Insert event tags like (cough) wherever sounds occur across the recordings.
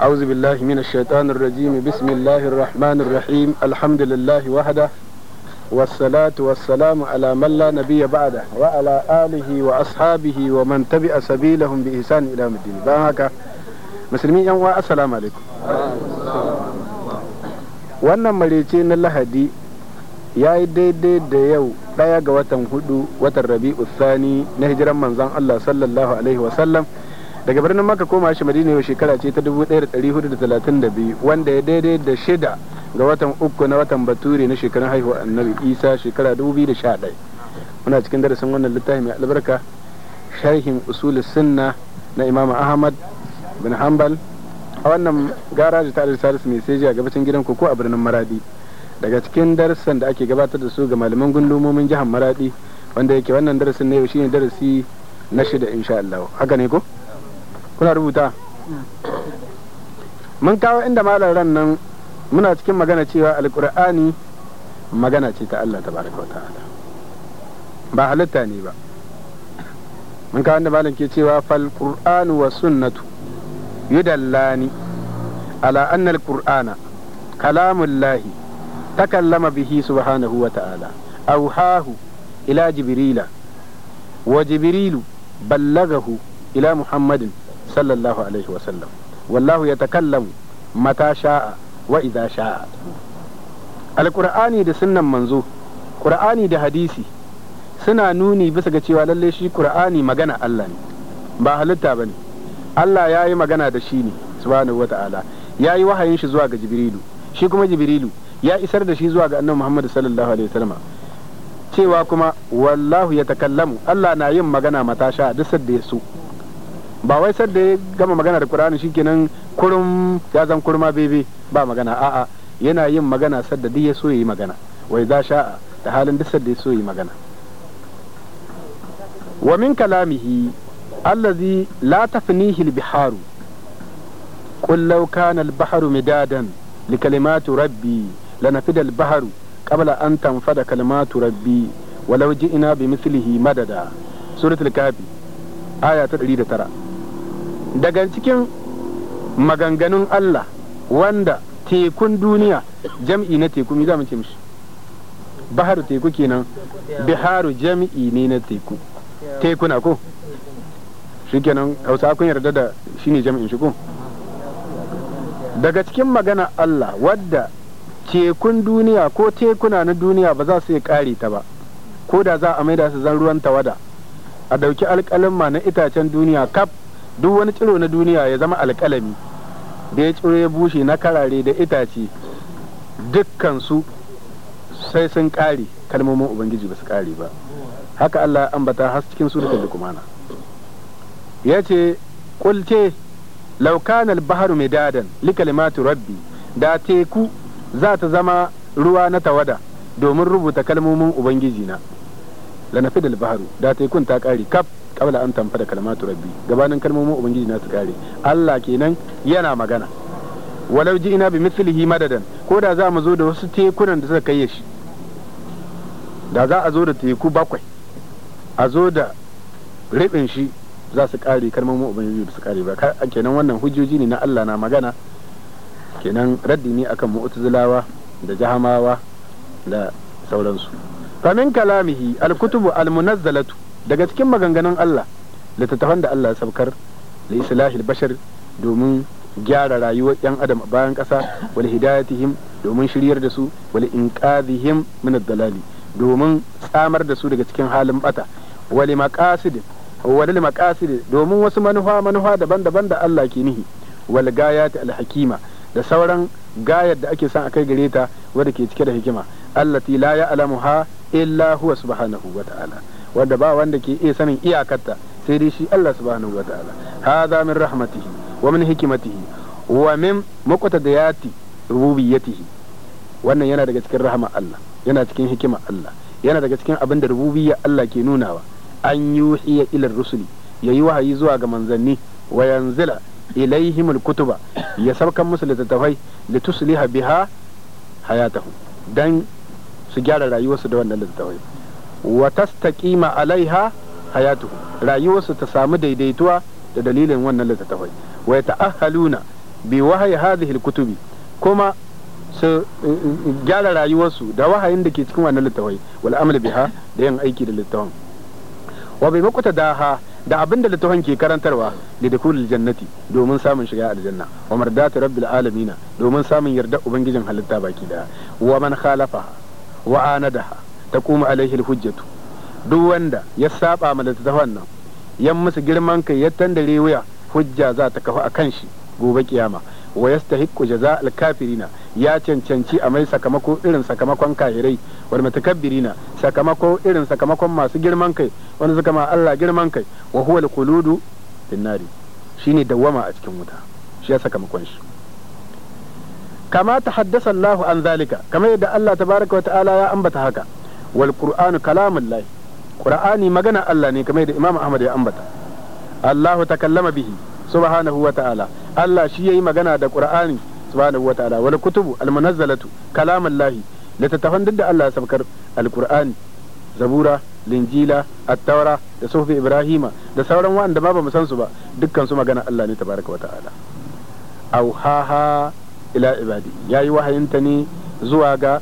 أعوذ بالله من الشيطان الرجيم بسم الله الرحمن الرحيم الحمد لله وحده والصلاة والسلام على من لا نبي بعده وعلى آله وأصحابه ومن تبع سبيلهم بإحسان إلى يوم الدين بارك مسلمين يا السلام عليكم wannan marece na lahadi ya yi daidai da yau ɗaya ga watan hudu watan rabi'u sani na hijiran manzon Allah sallallahu alaihi wasallam daga birnin maka koma shi madina yau shekara ce ta 1432 wanda ya daidai da shida ga watan uku na watan bature na shekarun haihuwa annabi isa shekara 2011 muna cikin darasin wannan littafi mai albarka sharhin usul sunna na imam ahmad bin hanbal a wannan garaji ta alisalis mai sai a gabacin gidan ko a birnin maradi daga cikin darasin da ake gabatar da su ga malaman gundumomin jihar maradi wanda yake wannan darasin na yau ne darasi na shida insha haka ne ko kuna rubuta mun kawo inda malar ran nan muna cikin magana cewa alkur'ani magana ce ta Allah tabaraka wa ta'ala ba halitta ne ba mun kawo inda malam ke cewa fal qur'anu wa sunnatu yudallani ala anna alqur'ana kalamullahi takallama bihi subhanahu wa ta'ala auhahu ila jibrila wa jibrilu ballagahu ila muhammadin sallallahu alaihi wasallam wallahu ya takallamu mata sha'a wa idza sha'a alqur'ani da sunnan manzo qur'ani da hadisi suna nuni bisa ga cewa lalle shi qur'ani magana Allah ne ba halitta bane Allah ya yi magana da shi ne subhanahu wata'ala ya yi wahayin shi zuwa ga jibrilu shi kuma jibrilu ya isar da shi zuwa ga annabi Muhammad sallallahu alaihi wasallam cewa kuma wallahu ya takallamu Allah na yin magana matasha duk sadda ya so ba wai sadda ya gama magana da qur'ani shikenan kurum ya zan kurma bebe ba magana a'a yana yin magana sadda duk ya so yi magana wai za sha'a da halin duk sadda ya so yi magana wa min kalamihi allazi la tafnihi al-biharu qul law kana al midadan li kalimatu rabbi lanafida al baharu qabla an tanfada kalimatu rabbi walau ina bi mislihi madada suratul kafi aya ta 109 daga cikin maganganun Allah wanda tekun duniya jam'i na teku mi za mu ce mishi baharu teku kenan biharu jam'i ne na teku tekuna ko shikenan hausa kun yarda da shi ne jam'in shi ko daga cikin magana Allah wadda tekun duniya ko tekuna na duniya ba za su yi kare ta ba ko da za a maida su zan ruwan tawada a dauki alkalin ma na itacen duniya kaf duk wani ciro na duniya ya zama alƙalami da ya ciro ya bushe na karare da itace dukkansu sai sun ƙare kalmomin ubangiji ba su ƙare ba haka Allah ambata har cikin su da yace ya ce kulce kana baharu mai dadan likalimatu rabbi da teku za ta zama ruwa na tawada domin rubuta kalmomin ubangiji na da baharu da tekun ta ƙare kaf qabla an tamfa da kalmatu rabbi gabanin kalmomin ubangiji na su kare Allah kenan yana magana walau ina bi mislihi madadan ko da za mu zo da wasu tekunan da suka kai shi da za a zo da teku bakwai a zo da ribin shi za su kare kalmomin ubangiji da su kare ba kenan wannan hujjoji ne na Allah na magana kenan raddi ne akan mu'tazilawa da jahamawa da sauransu famin kalamihi alkutubu almunazzalatu daga cikin maganganun Allah littattafan da Allah ya sabkar li islahil bashar domin gyara rayuwar yan adam bayan ƙasa wal hidayatihim domin shiryar da su wal inqadhihim min ad-dalali domin tsamar da su daga cikin halin bata wal maqasid wal maqasid domin wasu manufa manufa daban-daban da Allah ke nihi wal gayat al hakima da sauran gayar da ake son a kai gare ta ke cike da hikima allati la ya'lamuha illa huwa subhanahu wa ta'ala wadda ba wanda ke iya sanin iyakarta sai dai shi Allah subhanahu wataala hadha min rahmatihi wa min hikmatihi wa min muqtadiyati rububiyyatihi wannan yana daga cikin rahama Allah yana cikin hikima Allah yana daga cikin abin da rububiyya Allah ke nunawa an yuhi ila rusuli yayi wahayi zuwa ga manzanni wa yanzila ilaihimul kutuba ya saukan musu littattafai litusliha biha hayatahu dan su gyara rayuwarsu da wannan litattafai. wa alaiha hayatu rayuwarsu ta samu daidaituwa da dalilin wannan littattafai wa ta'ahhaluna bi wahayi hadhihi alkutubi kuma su gyara rayuwarsu da wahayin da ke cikin wannan littattafai wal amal biha da yin aiki da littattafan wa bai makuta daha da abin da littattafan ke karantarwa da dukul jannati domin samun shiga aljanna wa mardatu rabbil alamina domin samun yarda ubangijin halitta baki da wa man khalafa wa anadaha taqumu alaihi hujjatu duk wanda ya saba ma littattafan nan yan musu girman kai ya tandare wuya hujja za ta kafa kan shi gobe kiyama wa yastahiqqu jaza'al kafirina ya cancanci a mai sakamako irin sakamakon kahirai wal mutakabbirina sakamako irin sakamakon masu girman kai wani suka ma Allah girman kai wa huwa al-quludu finnari shine dawama a cikin wuta shi ya sakamakon shi kama ta haddasa Allahu an zalika kamar yadda Allah tabaraka wa ta'ala ya ambata haka wal qur'anu kalamullah qur'ani magana Allah ne kamar da imamu Ahmad ya ambata Allahu takallama bihi subhanahu wa ta'ala Allah shi yayi magana da qur'ani subhanahu wa ta'ala wal kutubu al munazzalatu kalamullah littattafan duk da Allah sabkar al qur'ani zabura linjila attaura da suhuf ibrahima da sauran waɗanda ba mu san su ba dukkan su magana Allah ne tabaraka wa ta'ala ha, ila ibadi yayi wahayinta ne zuwa ga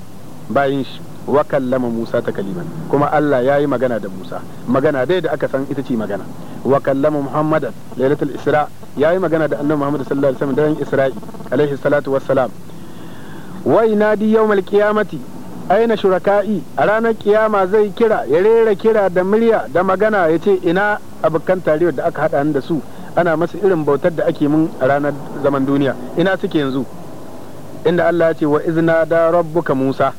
bayin shi wa kallama Musa takaliman kuma Allah ya yi magana da Musa magana dai da aka san ita ce magana wa kallama Muhammad lailatul Isra ya yi magana da Annabi Muhammad sallallahu alaihi wasallam daren Isra'i alaihi salatu wassalam wa inadi yawmal qiyamati aina shuraka'i a ranar kiyama zai kira ya rera kira da murya da magana ya ce ina abokan tariyar da aka haɗa da su ana masa irin bautar da ake mun a ranar zaman duniya ina suke yanzu inda Allah ya ce wa izna da rabbuka Musa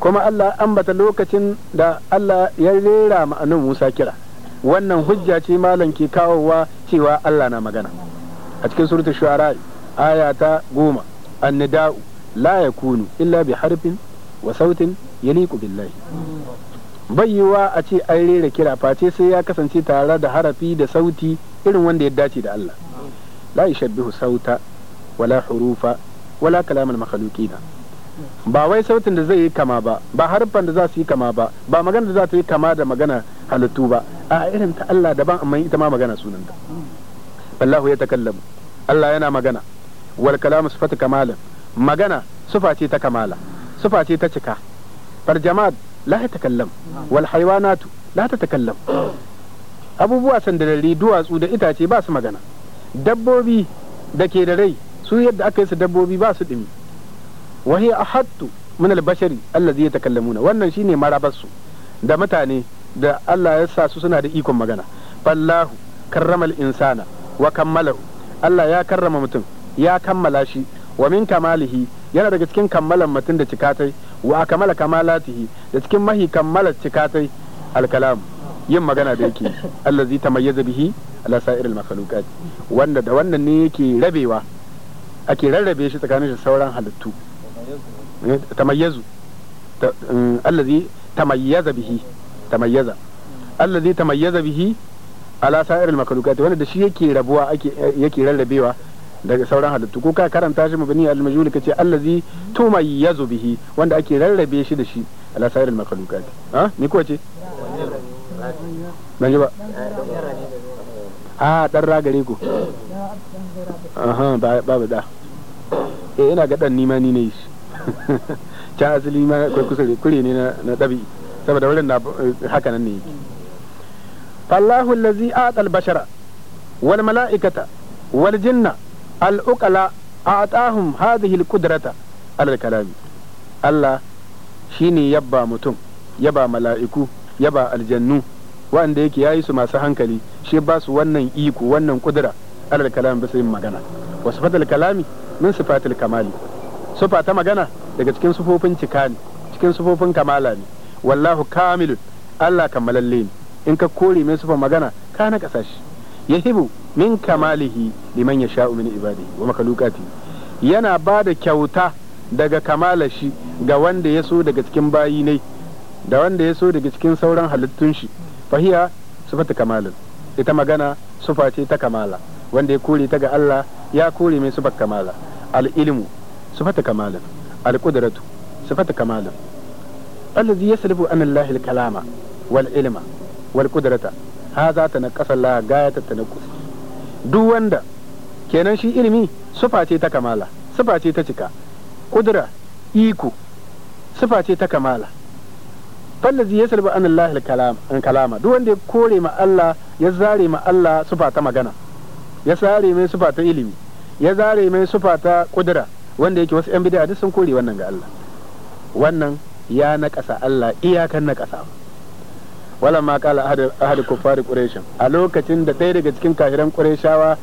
kuma Allah ambata lokacin da Allah ya rera ma'anin Musa kira wannan hujja ce malam ke kawowa cewa Allah na magana a cikin suratul shu'ara aya ta goma annida'u la kunu illa bi harfin wa sautin yaliqu billahi bayyuwa a ce an rera kira face sai ya kasance tare da harafi da sauti irin wanda ya dace da Allah la yashbihu sauta wala hurufa wala kalamul makhluqina ba wai sautin da zai yi kama ba ba harfan da za su yi kama ba ba magana da za ta yi kama da magana halittu ba a irin ta Allah daban amma ita ma magana sunanta Allahu ya takallamu Allah yana magana wal kalamu sifatu kamalin magana sufa ce ta kamala sufa ce ta cika jama'at la ya takallam wal haywanatu la ta takallam abubuwa sandarari duwatsu da itace ba su magana dabbobi da ke da rai su yadda aka yi su dabbobi ba su dimi wahi a ahattu min al-bashari allazi yatakallamuna wannan shine marabarsu da mutane da Allah ya sa su suna da ikon magana fallahu karrama insana wa kammalahu Allah ya karrama mutum ya kammala shi wa min kamalihi yana daga cikin kammalan mutum da cikatai wa kamala kamalatihi da cikin mahi kammalar cikatai alkalam yin magana da yake allazi tamayyaza bihi ala sa'iril makhluqat wanda da wannan ne yake rabewa ake rarrabe shi tsakanin sauran halittu tamayyazu allazi tamayyaza bihi tamayyaza allazi tamayyaza bihi ala sa'iril makhluqat wanda da shi yake rabuwa ake yake rarrabewa daga sauran halittu ko ka karanta shi mabani al majhul kace allazi tumayyazu bihi wanda ake rarrabe shi da shi ala sa'iril makhluqat ha ni ko ce ban ji ba ah dan ragare ko aha ba ba da eh ina ga dan nima ni ne shi can asali ma akwai kusuri kure ne na ɗabi saboda wurin na haka nan ne yake fallahu allazi atal bashara wal mala'ikata wal jinna al uqala atahum hadhihi al qudrata kalami Allah shine yabba mutum yaba mala'iku yaba aljannu wanda yake yayi su masu hankali shi ba su wannan iko wannan kudura alal kalam bisa yin magana wasu fatal kalami min sifatil kamali sufa ta magana daga cikin sufofin cika ne cikin sufofin kamala ne wallahu kamilu Allah kammalalle ne in ka kore mai sufa magana ka na kasashe yahibu min kamalihi liman ya sha min ibadi wa makalukati yana ba da kyauta daga kamala shi ga wanda ya so daga cikin bayi ne da wanda ya so daga cikin sauran halittun shi fahiya ta kamalin ita magana sufa ce ta kamala wanda ya kore ta ga Allah ya kore mai sufar kamala al ilmu sifata kamalin alƙudratu sifata kamalin الذي يسلب أن الله الكلام والعلم والقدرة هذا تنقص الله غاية التنقص duk wanda kenan shi ilimi sufa ce ta kamala sufa ce ta cika kudura iko sufa ce ta kamala fallazi ya salba an Allah an kalama duk wanda ya kore ma Allah ya zare ma Allah sufa ta magana ya zare mai sufa ta ilimi ya zare mai sufa ta kudura wanda yake wasu yan bid'a duk sun kore wannan ga Allah wannan ya ƙasa Allah iyakan nakasa wala ma kala ahad kuffari quraish a lokacin da ɗaya daga cikin kafiran qurayshawa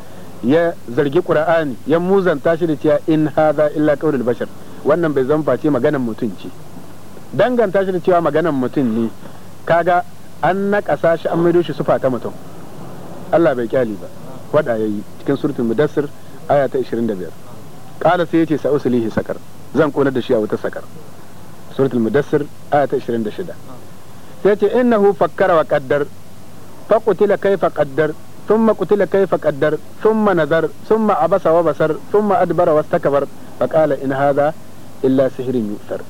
ya zargi qur'ani ya muzanta shi da cewa in hadha illa qawlul bashar wannan bai zan face maganan mutum ce danganta shi da cewa maganan mutum ne kaga an nakasa shi an maido shi sufa ta mutum Allah bai kyali ba wada yayi cikin suratul mudassir aya ta 25 Kala sai sa'o su uslihi sakar zan kona da shi a wutar sakar suratul mudassir aya 26 sai yace innahu fakkara wa qaddar fa qutila kayfa qaddar ثم قتل كيف قدر ثم نذر ثم عبس وبصر ثم أدبر واستكبر فقال إن هذا إلا سحر يؤثر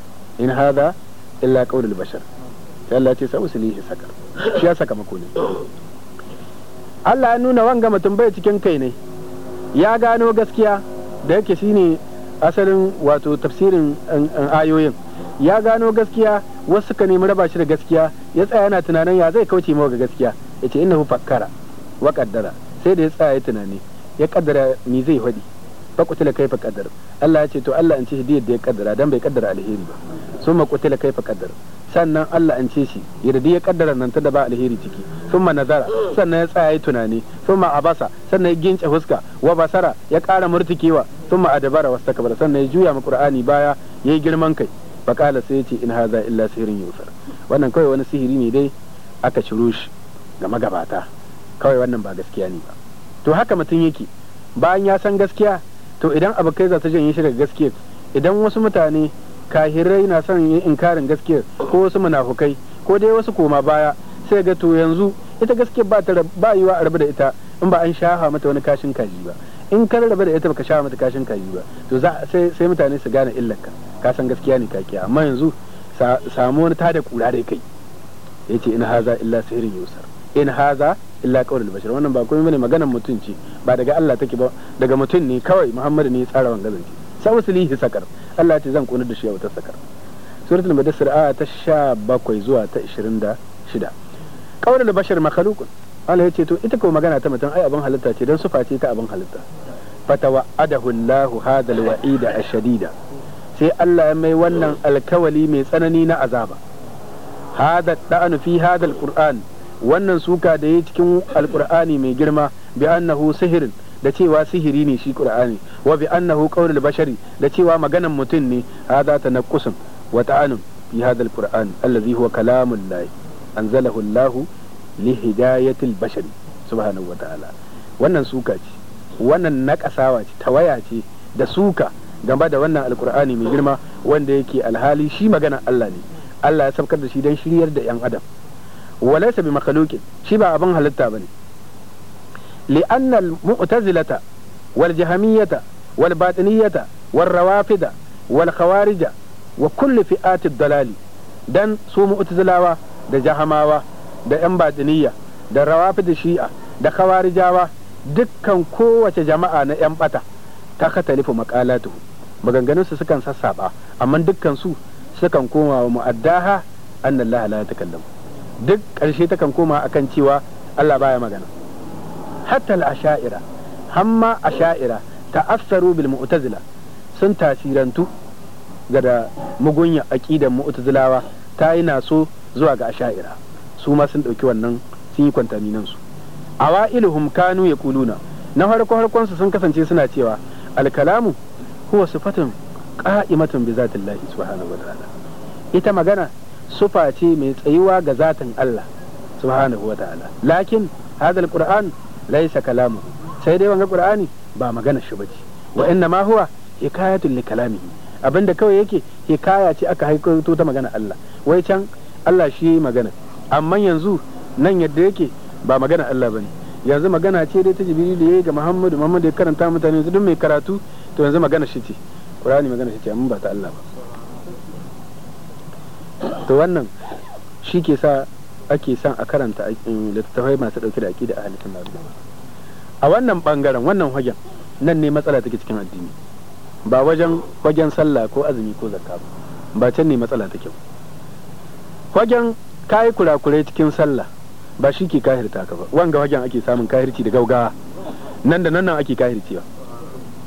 إن هذا إلا قول البشر Allah ce sa usulihi sakar shi ya saka mako ne Allah ya nuna wanga mutum bai cikin kai ne ya gano gaskiya da yake ne asalin wato tafsirin ayoyin ya gano gaskiya wasu suka nemi raba shi da gaskiya ya tsaya yana tunanin ya zai kauce mawa ga gaskiya ya ce innahu fakkara wa kaddara sai da ya tsaya ya tunani ya kaddara ni zai faɗi fa kutila kaifa kaddara Allah ya ce to Allah an ce shi da yadda ya kaddara dan bai kaddara alheri ba summa kutila kaifa kaddara sannan Allah an ce shi yadda ya kaddara nan ta da ba alheri ciki ma nazara sannan ya tsaya yi tunani summa abasa sannan ya gince fuska wa basara ya kara murtikewa summa adabara wastakbara sannan ya juya ma kur'ani baya yi girman kai faqala sai ce in haza illa sihirin yusar wannan kawai wani sihiri ne dai aka shiru shi ga magabata kawai wannan ba gaskiya ne ba to haka mutum yake bayan ya san gaskiya to idan abu kai za ta janye shi daga gaskiya idan wasu mutane kahirai na son yin inkarin gaskiya ko wasu munafukai ko dai wasu koma baya sai ga to yanzu ita gaske ba ta ba yiwa a rabu da ita in ba an shafa mata wani kashin kaji ba in ka rabu da ita ba ka shafa mata kashin kaji ba to za sai sai mutane su gane illarka ka san gaskiya ne kake amma yanzu samu wani tada kura dai kai yace in haza illa sihirin yusar in haza illa qaulul bashar wannan ba komai bane maganar mutum ce ba daga Allah take ba daga mutum ne kawai Muhammadu ne ya tsara wannan gazanci sai waslihi sakar Allah ce zan kunar da shi a wata sakar suratul mudassir aya ta 17 zuwa ta 26 da bashar makhalukun Allah ya ce to ita ko magana ta mutum ai abin halitta ce dan su face ta abin halitta fatawa'adahu Allah hadal wa'ida ashadida sai Allah ya mai wannan alkawali mai tsanani na azaba hada da'anu fi hada alquran wannan suka da yi cikin alqur'ani mai girma bi annahu sihirin da cewa sihiri ne shi qur'ani wa bi annahu qaulul bashari da cewa maganan mutum ne hada tanqusun wa ta'anum fi hada alquran allazi huwa kalamul anzalahu Allah li hidayatil bashari subhanahu wannan suka ce wannan nakasawa ce tawaya ce da suka game da wannan alkur'ani mai girma wanda yake alhali shi magana Allah ne Allah ya sabkar da shi don shiryar da yan adam walaysa bi makhluqin shi ba abin halitta bane wal rawafida wal والباطنية wa والخوارج وكل فئات dalali dan su zilawa. da jahamawa da 'yan batiniya da rawafi da shi'a da kawarijawa dukkan kowace jama'a na 'yan bata ta katalifu makalatu maganganunsu sukan sassaɓa amma dukkan su sukan koma wa mu'addaha annallaha la yatakallamu duk ƙarshe takan koma akan cewa Allah baya magana hatta al-asha'ira hamma asha'ira ta'assaru bil mu'tazila sun tasirantu ga da mugunya aqidan mu'tazilawa ta yi naso zuwa ga asha'ira su ma sun ɗauki wannan sun yi kwantaminan su awailuhum kanu ya kuluna na harko harkon su sun kasance suna cewa alkalamu huwa sifatun qa'imatun bi zatillahi subhanahu wataala ita magana sufa ce mai tsayuwa ga zatin Allah subhanahu wataala lakin hadha alquran laysa kalamu sai dai wanga qur'ani ba magana shi bace wa inna ma huwa hikayatun li kalamihi abinda kawai yake hikaya ce aka haikato ta magana Allah wai can Allah shi yi magana amma yanzu nan yadda yake ba magana Allah bane yanzu magana ce dai ta jibiri da yayi ga Muhammadu Muhammadu ya karanta mutane duk mai karatu to yanzu magana shi ce Qur'ani magana shi ce amma ba ta Allah ba to wannan shi ke sa ake son a karanta eh, littattafai masu dauke da aqida ahli sunna a wannan bangaren wannan hagen nan ne matsala take cikin addini ba wajen wajen sallah ko azumi ko zakka ba ba can ne matsala take ba wajen kayi kurakurai cikin sallah ba shi ke kahirta ka ba wanga wajen ake samun kahirci da gaugawa nan da nan nan ake ba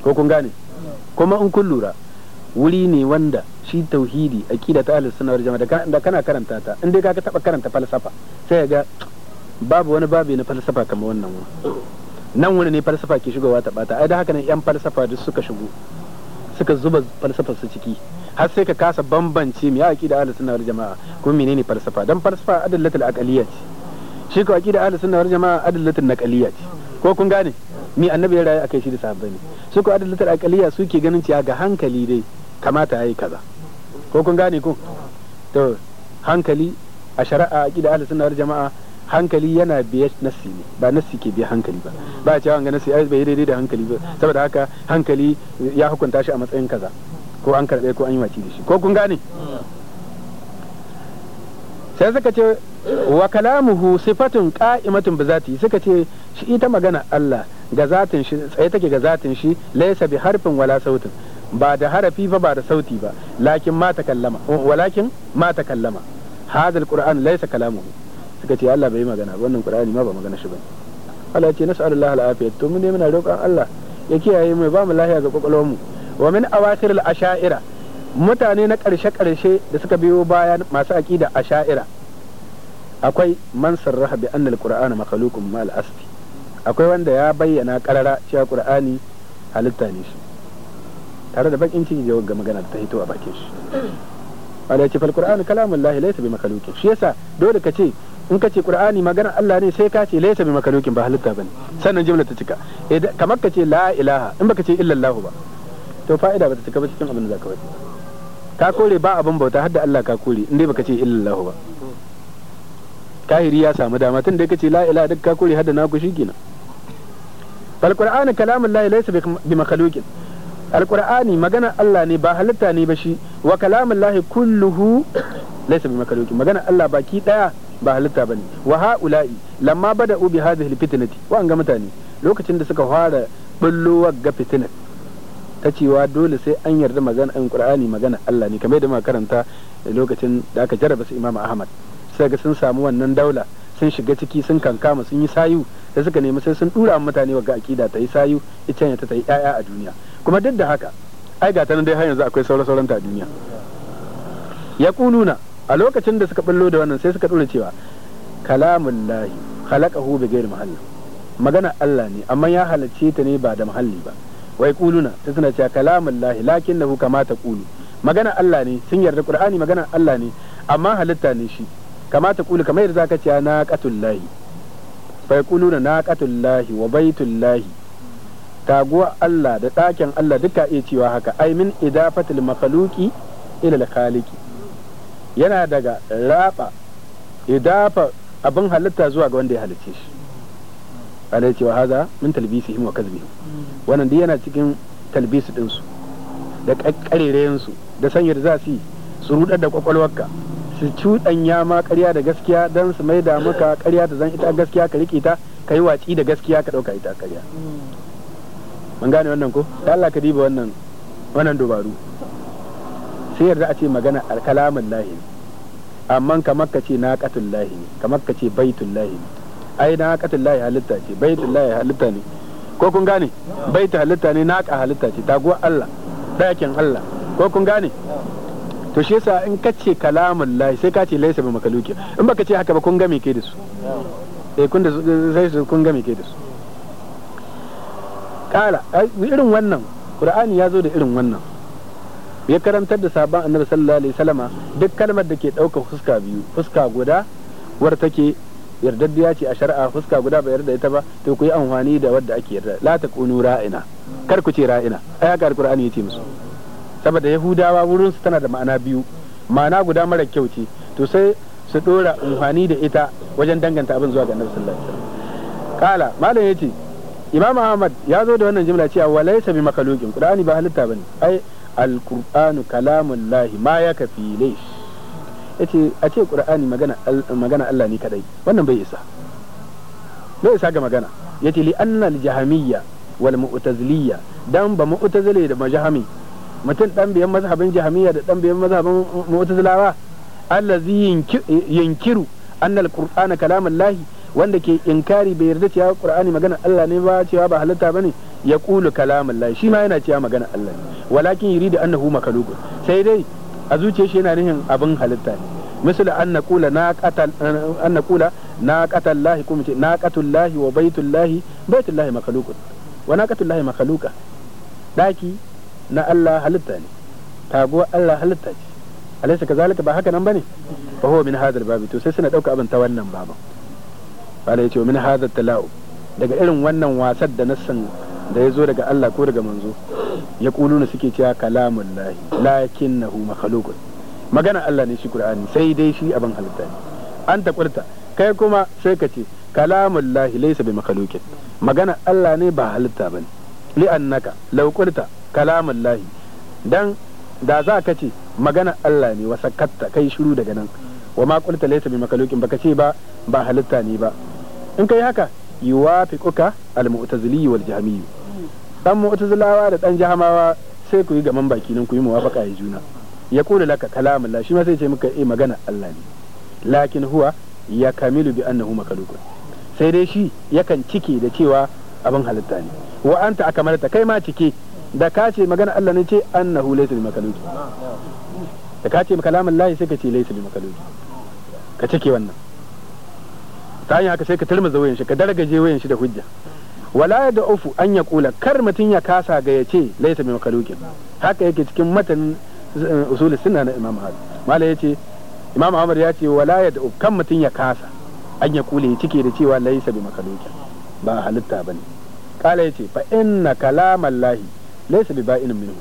ko kun gane kuma in kun lura wuri ne wanda shi tauhidi aqida ta ahlus sunna wal jama'a da kana karanta ta in dai ka taba karanta falsafa sai ga babu wani babu na falsafa kamar wannan nan wani ne falsafa ke shigowa ta bata ai da haka nan yan falsafa duk suka shigo suka zuba falsafa su ciki har sai ka kasa bambance me aqida ahlus sunna wal jamaa kuma menene falsafa dan falsafa adallatul aqliyya ce shi ka aqida ahlus sunna wal jamaa adallatul naqliyya ce ko kun gane mi annabi ya rayu akai shi da sahabbai ne su ko adallatul aqliyya suke ganin cewa ga hankali dai kamata yayi kaza ko kun gane ko to hankali a shari'a aqida ahlus sunna wal jamaa hankali yana biye nassi ne ba nassi ke biye hankali ba ba a cewa ga nassi ai bai daidai da hankali ba saboda haka hankali ya hukunta shi a matsayin kaza ko an karɓe ko an yi waci da shi ko kun gane sai suka ce wa kalamuhu sifatun qa'imatun bi zati suka ce shi ita magana Allah ga zatin shi tsaye take ga zatin shi laysa bi harfin wala sautin ba da harafi ba ba da sauti ba lakin ma ta kallama walakin ma ta kallama hadal qur'an laysa kalamuhu suka ce Allah bai magana wannan qur'ani ma ba magana shi bane Allah ya ce nas'alullahi al-afiyat to mun ne muna roƙon Allah ya kiyaye mu ba mu lahiya ga kwakwalwar mu wa min awakhir al-asha'ira mutane na ƙarshe-ƙarshe da suka biyo bayan masu aƙida a sha'ira akwai man sarraha bi annal qur'ana makhluqun ma asfi akwai wanda ya bayyana karara cewa qur'ani halitta ne shi tare da bakin ciki da ga magana ta hito a bakin shi wanda yace fal qur'anu lahi laysa bi makhluqin shi yasa dole ka ce in ka ce qur'ani maganar Allah ne sai ka ce laysa bi makhluqin ba halitta bane sannan jimla ta cika eh, kamar ka ce la ilaha in baka ce illallahu ba to fa'ida ba ta cika ba cikin abin da zaka faɗi ka kore ba abin bauta har da Allah ka kore in baka ce illallahu ba kahiri ya samu dama tun da kace la ilaha duk ka kore har da naku shikenan bal qur'an kalamul lahi laysa bi makhluqin qur'ani magana Allah ne ba halitta ne ba shi wa kalamul lahi kulluhu laysa bi makhluqin magana Allah baki daya ba halitta bane wa haula'i lamma bada'u bi hadhihi fitnati wa an ga mutane lokacin da suka fara bullowar ga fitinar ta cewa dole sai an yarda magana an qur'ani magana Allah ne kamar da muka karanta lokacin da aka jarraba su Imam Ahmad sai ga sun samu wannan daula sun shiga ciki sun kankama sun yi sayu da suka nemi sai sun dura mutane wa ga akida ta yi sayu ita ne ta yi yaya a duniya kuma duk da haka ai ga nan dai har yanzu akwai sauran sauran a duniya ya kununa a lokacin da suka ballo da wannan sai suka dora cewa kalamullahi khalaqahu bi ghairi mahalli magana Allah ne amma ya halarce ta ne ba da mahalli ba wai kuluna ta suna cewa kalamun lahi lakin nahu kama ta kulu magana Allah ne sun yarda qur'ani magana Allah ne amma halitta ne shi kama ta kulu kamar yadda zaka cewa na qatul lahi fa kuluna na qatul lahi wa baitul lahi taguwa Allah da ɗakin Allah duka iya cewa haka ai min idafatul makhluqi ila al yana daga raba idafa abin halitta zuwa ga wanda ya halicce shi ala cewa haza min talbisihim wa kazbihim wannan duk yana cikin talbis ɗinsu da ƙarerayensu da sanyar za su yi su rudar da ƙwaƙwalwarka su cuɗanya ma ƙarya da gaskiya don su mai da maka ƙarya da zan ita gaskiya ka riƙe ta ka yi watsi da gaskiya ka ɗauka ita ƙarya mun gane wannan ko da Allah ka diba wannan wannan dubaru sai yarda a ce magana alkalamin lahi ne amma kamar ka ce naqatul lahi ne kamar ka ce baitul lahi ne ai naqatul lahi halitta ce baitul lahi halitta ne ko kun gane baita halitta ne na ka halitta ce taguwar Allah ɗakin Allah ko kun gane to shi yasa in ka ce kalamun lahi sai ka ce laisa bi makaluki in baka ce haka ba kun game ke da su eh kun da sai su kun game ke da su kala irin wannan qur'ani ya zo da irin wannan ya karantar da sabon annabi sallallahu alaihi wasallama duk kalmar da ke ɗaukar fuska biyu fuska guda war take yardaddiya ce a shari'a fuska guda bai yarda ita ba to ku yi amfani da wadda ake yarda la taqunu ra'ina kar ku ce ra'ina ai haka alqur'ani yace musu saboda yahudawa wurin su tana da ma'ana biyu ma'ana guda mara kyau ce to sai su dora amfani da ita wajen danganta abin zuwa ga annabi sallallahu alaihi wasallam kala malam yace imam ahmad ya zo da wannan jimla cewa walaysa bi makalukin qur'ani ba halitta bane ai alqur'anu kalamullahi ma yakafi laysa ce a ce qur'ani magana magana Allah ne kadai wannan bai isa bai isa ga magana ya ce li'anna al jahamiyya wal mu'taziliyya dan ba mu'tazili da majahami mutum dan biyan mazhabin jahamiyya da dan biyan mazhabin mu'tazilawa allazi yankiru annal al qur'ana kalamullahi wanda ke inkari bai yarda cewa qur'ani magana Allah ne ba cewa ba halitta bane ya kulu kalamullahi shi ma yana cewa magana Allah ne walakin yuridu annahu makalukun sai dai a zuciyar shi yana nihin abin halitta ne misali an naqula na qatal an naqula na qatal lahi kuma ce na qatul lahi wa baitul lahi baitul lahi makhluqun wa na qatul lahi makhluqa daki na Allah halitta ne taguwa Allah halitta ce alaysa kazalika ba haka nan bane fa huwa min hadal babi to sai suna dauka abin ta wannan baban bala yace min hadal tala'u daga irin wannan wasar da nassan da ya zo daga Allah ko daga manzo ya kuluna suke cewa kalamun lahi lakin na huma khalukun magana Allah ne shi Qur'ani sai dai shi abin halitta ne an taƙwarta kai kuma sai ka ce kalamun lahi laisa bi magana Allah ne ba halitta bane li'annaka law qulta kalamun lahi dan da za ka ce magana Allah ne wasakatta kai shiru daga nan wa ma qulta laysa bi makhluqin baka ce ba ba halitta ne ba in kai haka yuwafiquka al-mu'tazili wal jahmiyyu dan mu'tazilawa da dan jahamawa sai ku yi gaman baki nan ku yi muwafaqa ya juna ya kula laka kalamullah shi ma sai ce muka eh magana Allah ne lakin huwa ya kamilu bi annahu makalukun sai dai shi yakan cike da cewa abin halitta ne wa anta akamalta kai ma cike da ka ce magana Allah ne ce annahu laysa bi makaluki da ka ce kalamullah sai ka ce laysa bi makaluki ka cike wannan ta haka sai ka tarmaza wayan shi ka daraga je wayan shi da hujja wala da ufu an ya kula kar mutum ya kasa ga ya ce laisa mai makalukin haka yake cikin matan eh, usul sunna na imam ahmad mala ya ce imam ahmad ya ce wala da ufu kan mutum ya kasa an ya kula ya cike da cewa laisa mai makalukin ba halitta ne kala ya ce fa inna kalamallahi laisa bi ba'in minhu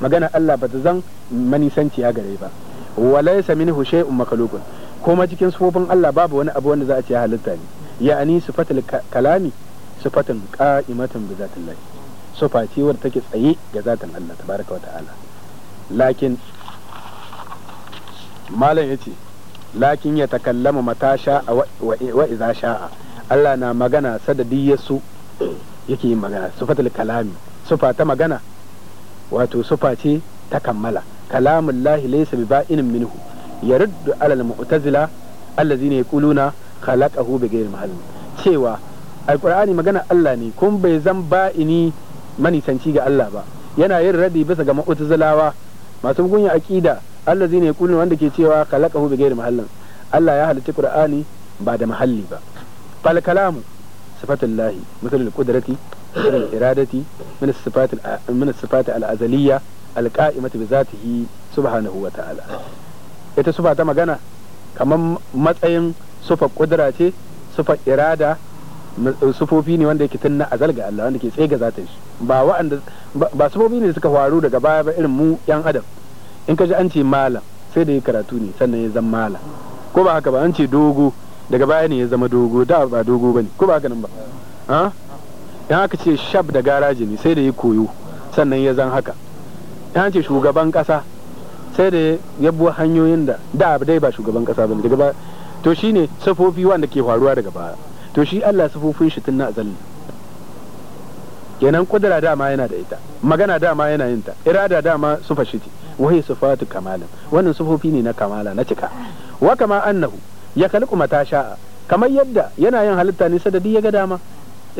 magana Allah ba ta zan manisanci ya gare ba walaysa minhu shay'un makalukun kuma cikin sufofin Allah babu wani abu wanda za a ce halitta ne ya'ani sifatul kalami sifatan qa'imatan bi zatin sufa ce take tsaye ga zatin Allah tabaraka wa ta'ala lakin malam yace lakin ya takallama mata sha'a wa iza sha'a Allah na magana sadadi yasu yake yin magana sufatul kalami sufa ta magana wato sufa ce ta kammala kalamun lahi laysa bi ba'inin minhu yaruddu alal mu'tazila allazina yaquluna khalaqahu bi ghairi mahallin cewa alkur'ani magana Allah ne kun bai zan ba'ini manisanci ga Allah ba yana yin radi bisa ga mu'tazilawa masu gunya aqida zai ne kullu wanda ke cewa khalaqahu bi ghairi mahallin Allah ya halitta qur'ani ba da mahalli ba fal kalamu sifatullahi misal al-qudrati misal al-iradati min sifat min sifat al-azaliyya al-qa'imati bi zatihi subhanahu wa ta'ala ita sufa ta magana kamar matsayin sufa kudura ce sufa irada Eh, sufofi ne wanda yake tunna azal ga Allah wanda ke tsega zatin shi ba wa'anda ba sufofi ne suka faru daga baya ba irin mu yan adam in ka ji an ce malam sai da ya karatu ne sannan ya zama malam ko ba haka ba an ce dogo daga baya ne ya zama dogo da ba dogo bane ko ba haka nan ba ha in aka ce shab da garaji ne sai da ya koyo sannan ya zan haka in an ce shugaban kasa sai da ya buwa hanyoyin da da dai ba shugaban kasa bane daga baya to shine sufofi wanda ke faruwa daga baya to shi Allah sufufin shi tun na azali kenan kudura dama yana da ita magana dama yana yin ta irada dama sufa shi ce wahi sufatu kamalin wannan sifofi ne na kamala na cika wa kama annahu ya kalku mata sha'a kamar yadda yana yin halitta ne sadadi ya ga dama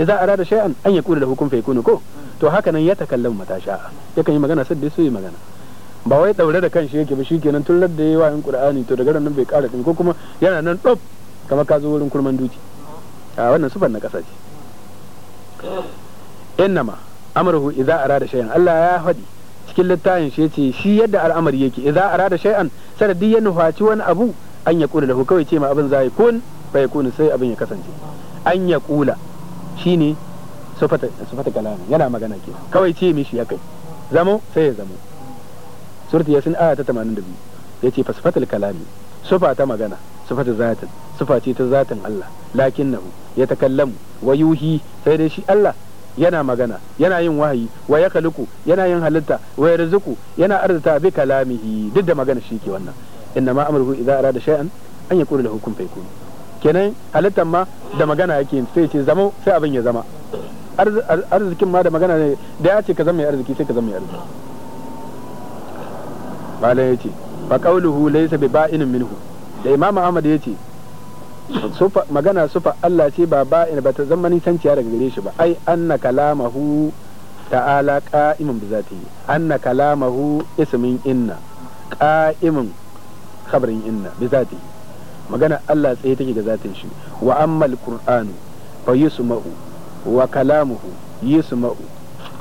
idza arada shay'an an yakuna da hukum fa yakunu ko to haka nan ya takallamu mata sha'a ya kan yi magana sadda so yi magana ba wai daure da kanshi yake ba shikenan tun da yayi wa yin qur'ani to daga nan bai kara ko kuma yana nan dof kamar ka zo wurin kurman duti a wannan sufan na ƙasa ce innama amruhu idza arada shay'an Allah ya faɗi cikin littafin shi yace shi yadda al'amari yake idza arada shay'an sai da ya nufaci wani abu an ya kula kawai ce ma abin zai kun fa ya kuni sai abin ya kasance an ya kula shine sufata sufata kalami yana magana ke kawai ce mishi ya kai zamo sai ya zamo surti yasin aya ta 82 yace fasfatul kalami sufa ta magana sifatu zatin sifa ce ta zatin Allah lakin nahu ya takallamu wa yuhi sai dai shi Allah yana magana yana yin wahayi wa ya kaluku yana yin halitta wa ya rizuku yana arzuta bi kalamihi duk da magana shi ke wannan inna ma amruhu idza arada shay'an an yaqulu lahu kun fayakun kenan halittan ma da magana yake sai ce zama sai abin ya zama arzikin ma da magana ne da ya ce ka zama mai arziki sai ka zama mai arziki malai yace fa qawluhu laysa bi ba'inin minhu da imamu ahmad ya ce magana sufa Allah ce ba ba in bata zama nisanciya daga gare shi ba ai anna kalamahu ta'ala qa'imun bi zati anna kalamahu ismin inna qa'imun khabarin inna bi zati magana Allah tsaye take ga zatin shi wa ammal qur'anu fa yusma'u wa kalamuhu yusma'u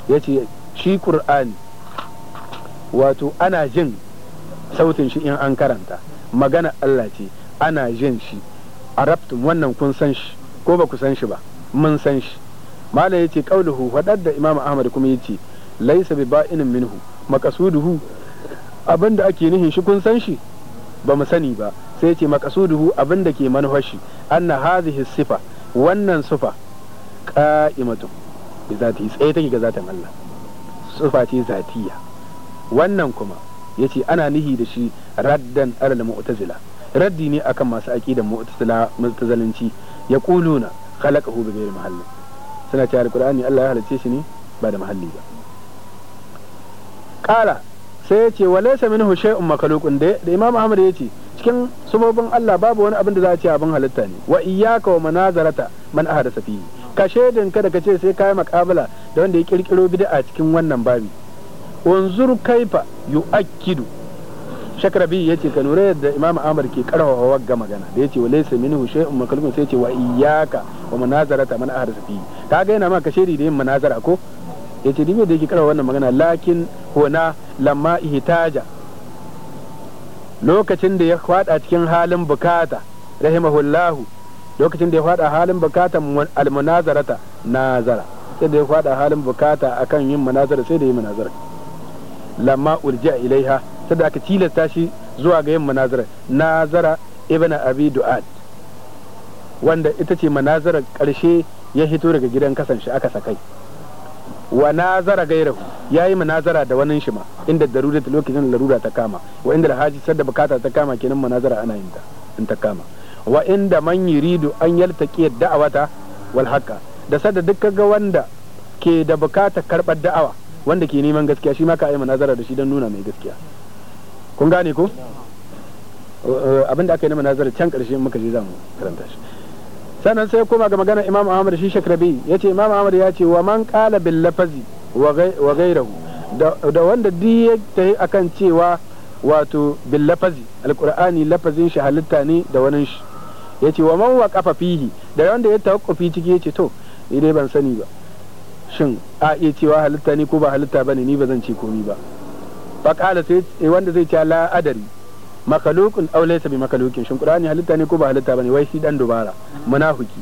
yace shi qur'ani wato ana jin sautin shi in an karanta magana Allah ce ana jin shi a raftin wannan kun san shi ko ba ku san shi ba mun san shi malam ya ce kauluhu wadar da imam ahmad kuma yace laisa bi ba'inin minhu maqasuduhu abinda ake nihin shi kun san shi ba mu sani ba sai yace maqasuduhu abinda ke manufar shi anna hadhihi sifa wannan sufa qa'imatu bi zati tsaye take ga zatan Allah sufa ce zatiya wannan kuma ya ce ana nihi da shi raddan alal mu'tazila raddi ne akan masu aqidan mu'tazila mu'tazilanci yaquluna khalaqahu bi ghairi mahalli suna cewa alqur'ani Allah ya halice shi ne ba da mahalli ba kala sai ya ce wa laysa minhu shay'un makhluqun da Imam Ahmad ya ce cikin sumobin Allah babu wani abin da za a ce abin halitta ne wa iyyaka wa manazarata man ahdatha fihi ka ka kada ka ce sai kai makabala da wanda ya kirkiro bid'a cikin wannan babi wanzur kaifa yu'akkidu shakrabi yace ka lura yadda imamu amur ke karfafa wagga magana da yace wa laysa minhu shay'un makalukun sai ce wa iyyaka wa munazarata man ahdasa fi kaga yana ma kashiri da yin munazara ko yace dibe da yake karfafa wannan magana lakin hona lamma ihtaja lokacin da ya fada cikin halin bukata rahimahullahu lokacin da ya fada halin bukata ta nazara sai da ya fada halin bukata akan yin munazara sai da yin munazara lamma a ilaiha sada aka tilasta shi zuwa ga yin manazara nazara ibn abi du'ad wanda ita ce manazarar karshe ya hito daga gidan kasan shi aka sakai wa nazara gairahu ya yi manazara da wanin shi ma inda darura ta lokacin larura ta kama wa inda alhaji sadda bukata ta kama kenan manazara ana yin ta in ta kama wa inda man yuridu an yaltaqi da'awata wal haqa da sadda dukkan ga wanda ke da bukata karbar da'awa wanda ke neman gaskiya shi ma ka yi munazara da shi don nuna mai gaskiya kun gane ko eh, abinda aka yi na munazara can karshe muka je zamu karanta shi sannan sai koma ga magana imam ahmad shi shakrabi ya ce imam ahmad ya ce wa man kala bil lafazi wa gairahu da wanda di ya a akan cewa wato bil lafazi alqur'ani lafazin shi halitta ne da wani shi ya ce wa man wa kafafihi da wanda ya tawaqqufi ciki ya ce to idai ban sani ba shin a iya cewa halitta ne ko ba halitta bane ni ba zan ce komi ba kala sai eh, wanda zai ce la adari makalukun aw laysa bi makalukin shin qur'ani halitta ne ko ba halitta bane wai shi dan dubara munafiki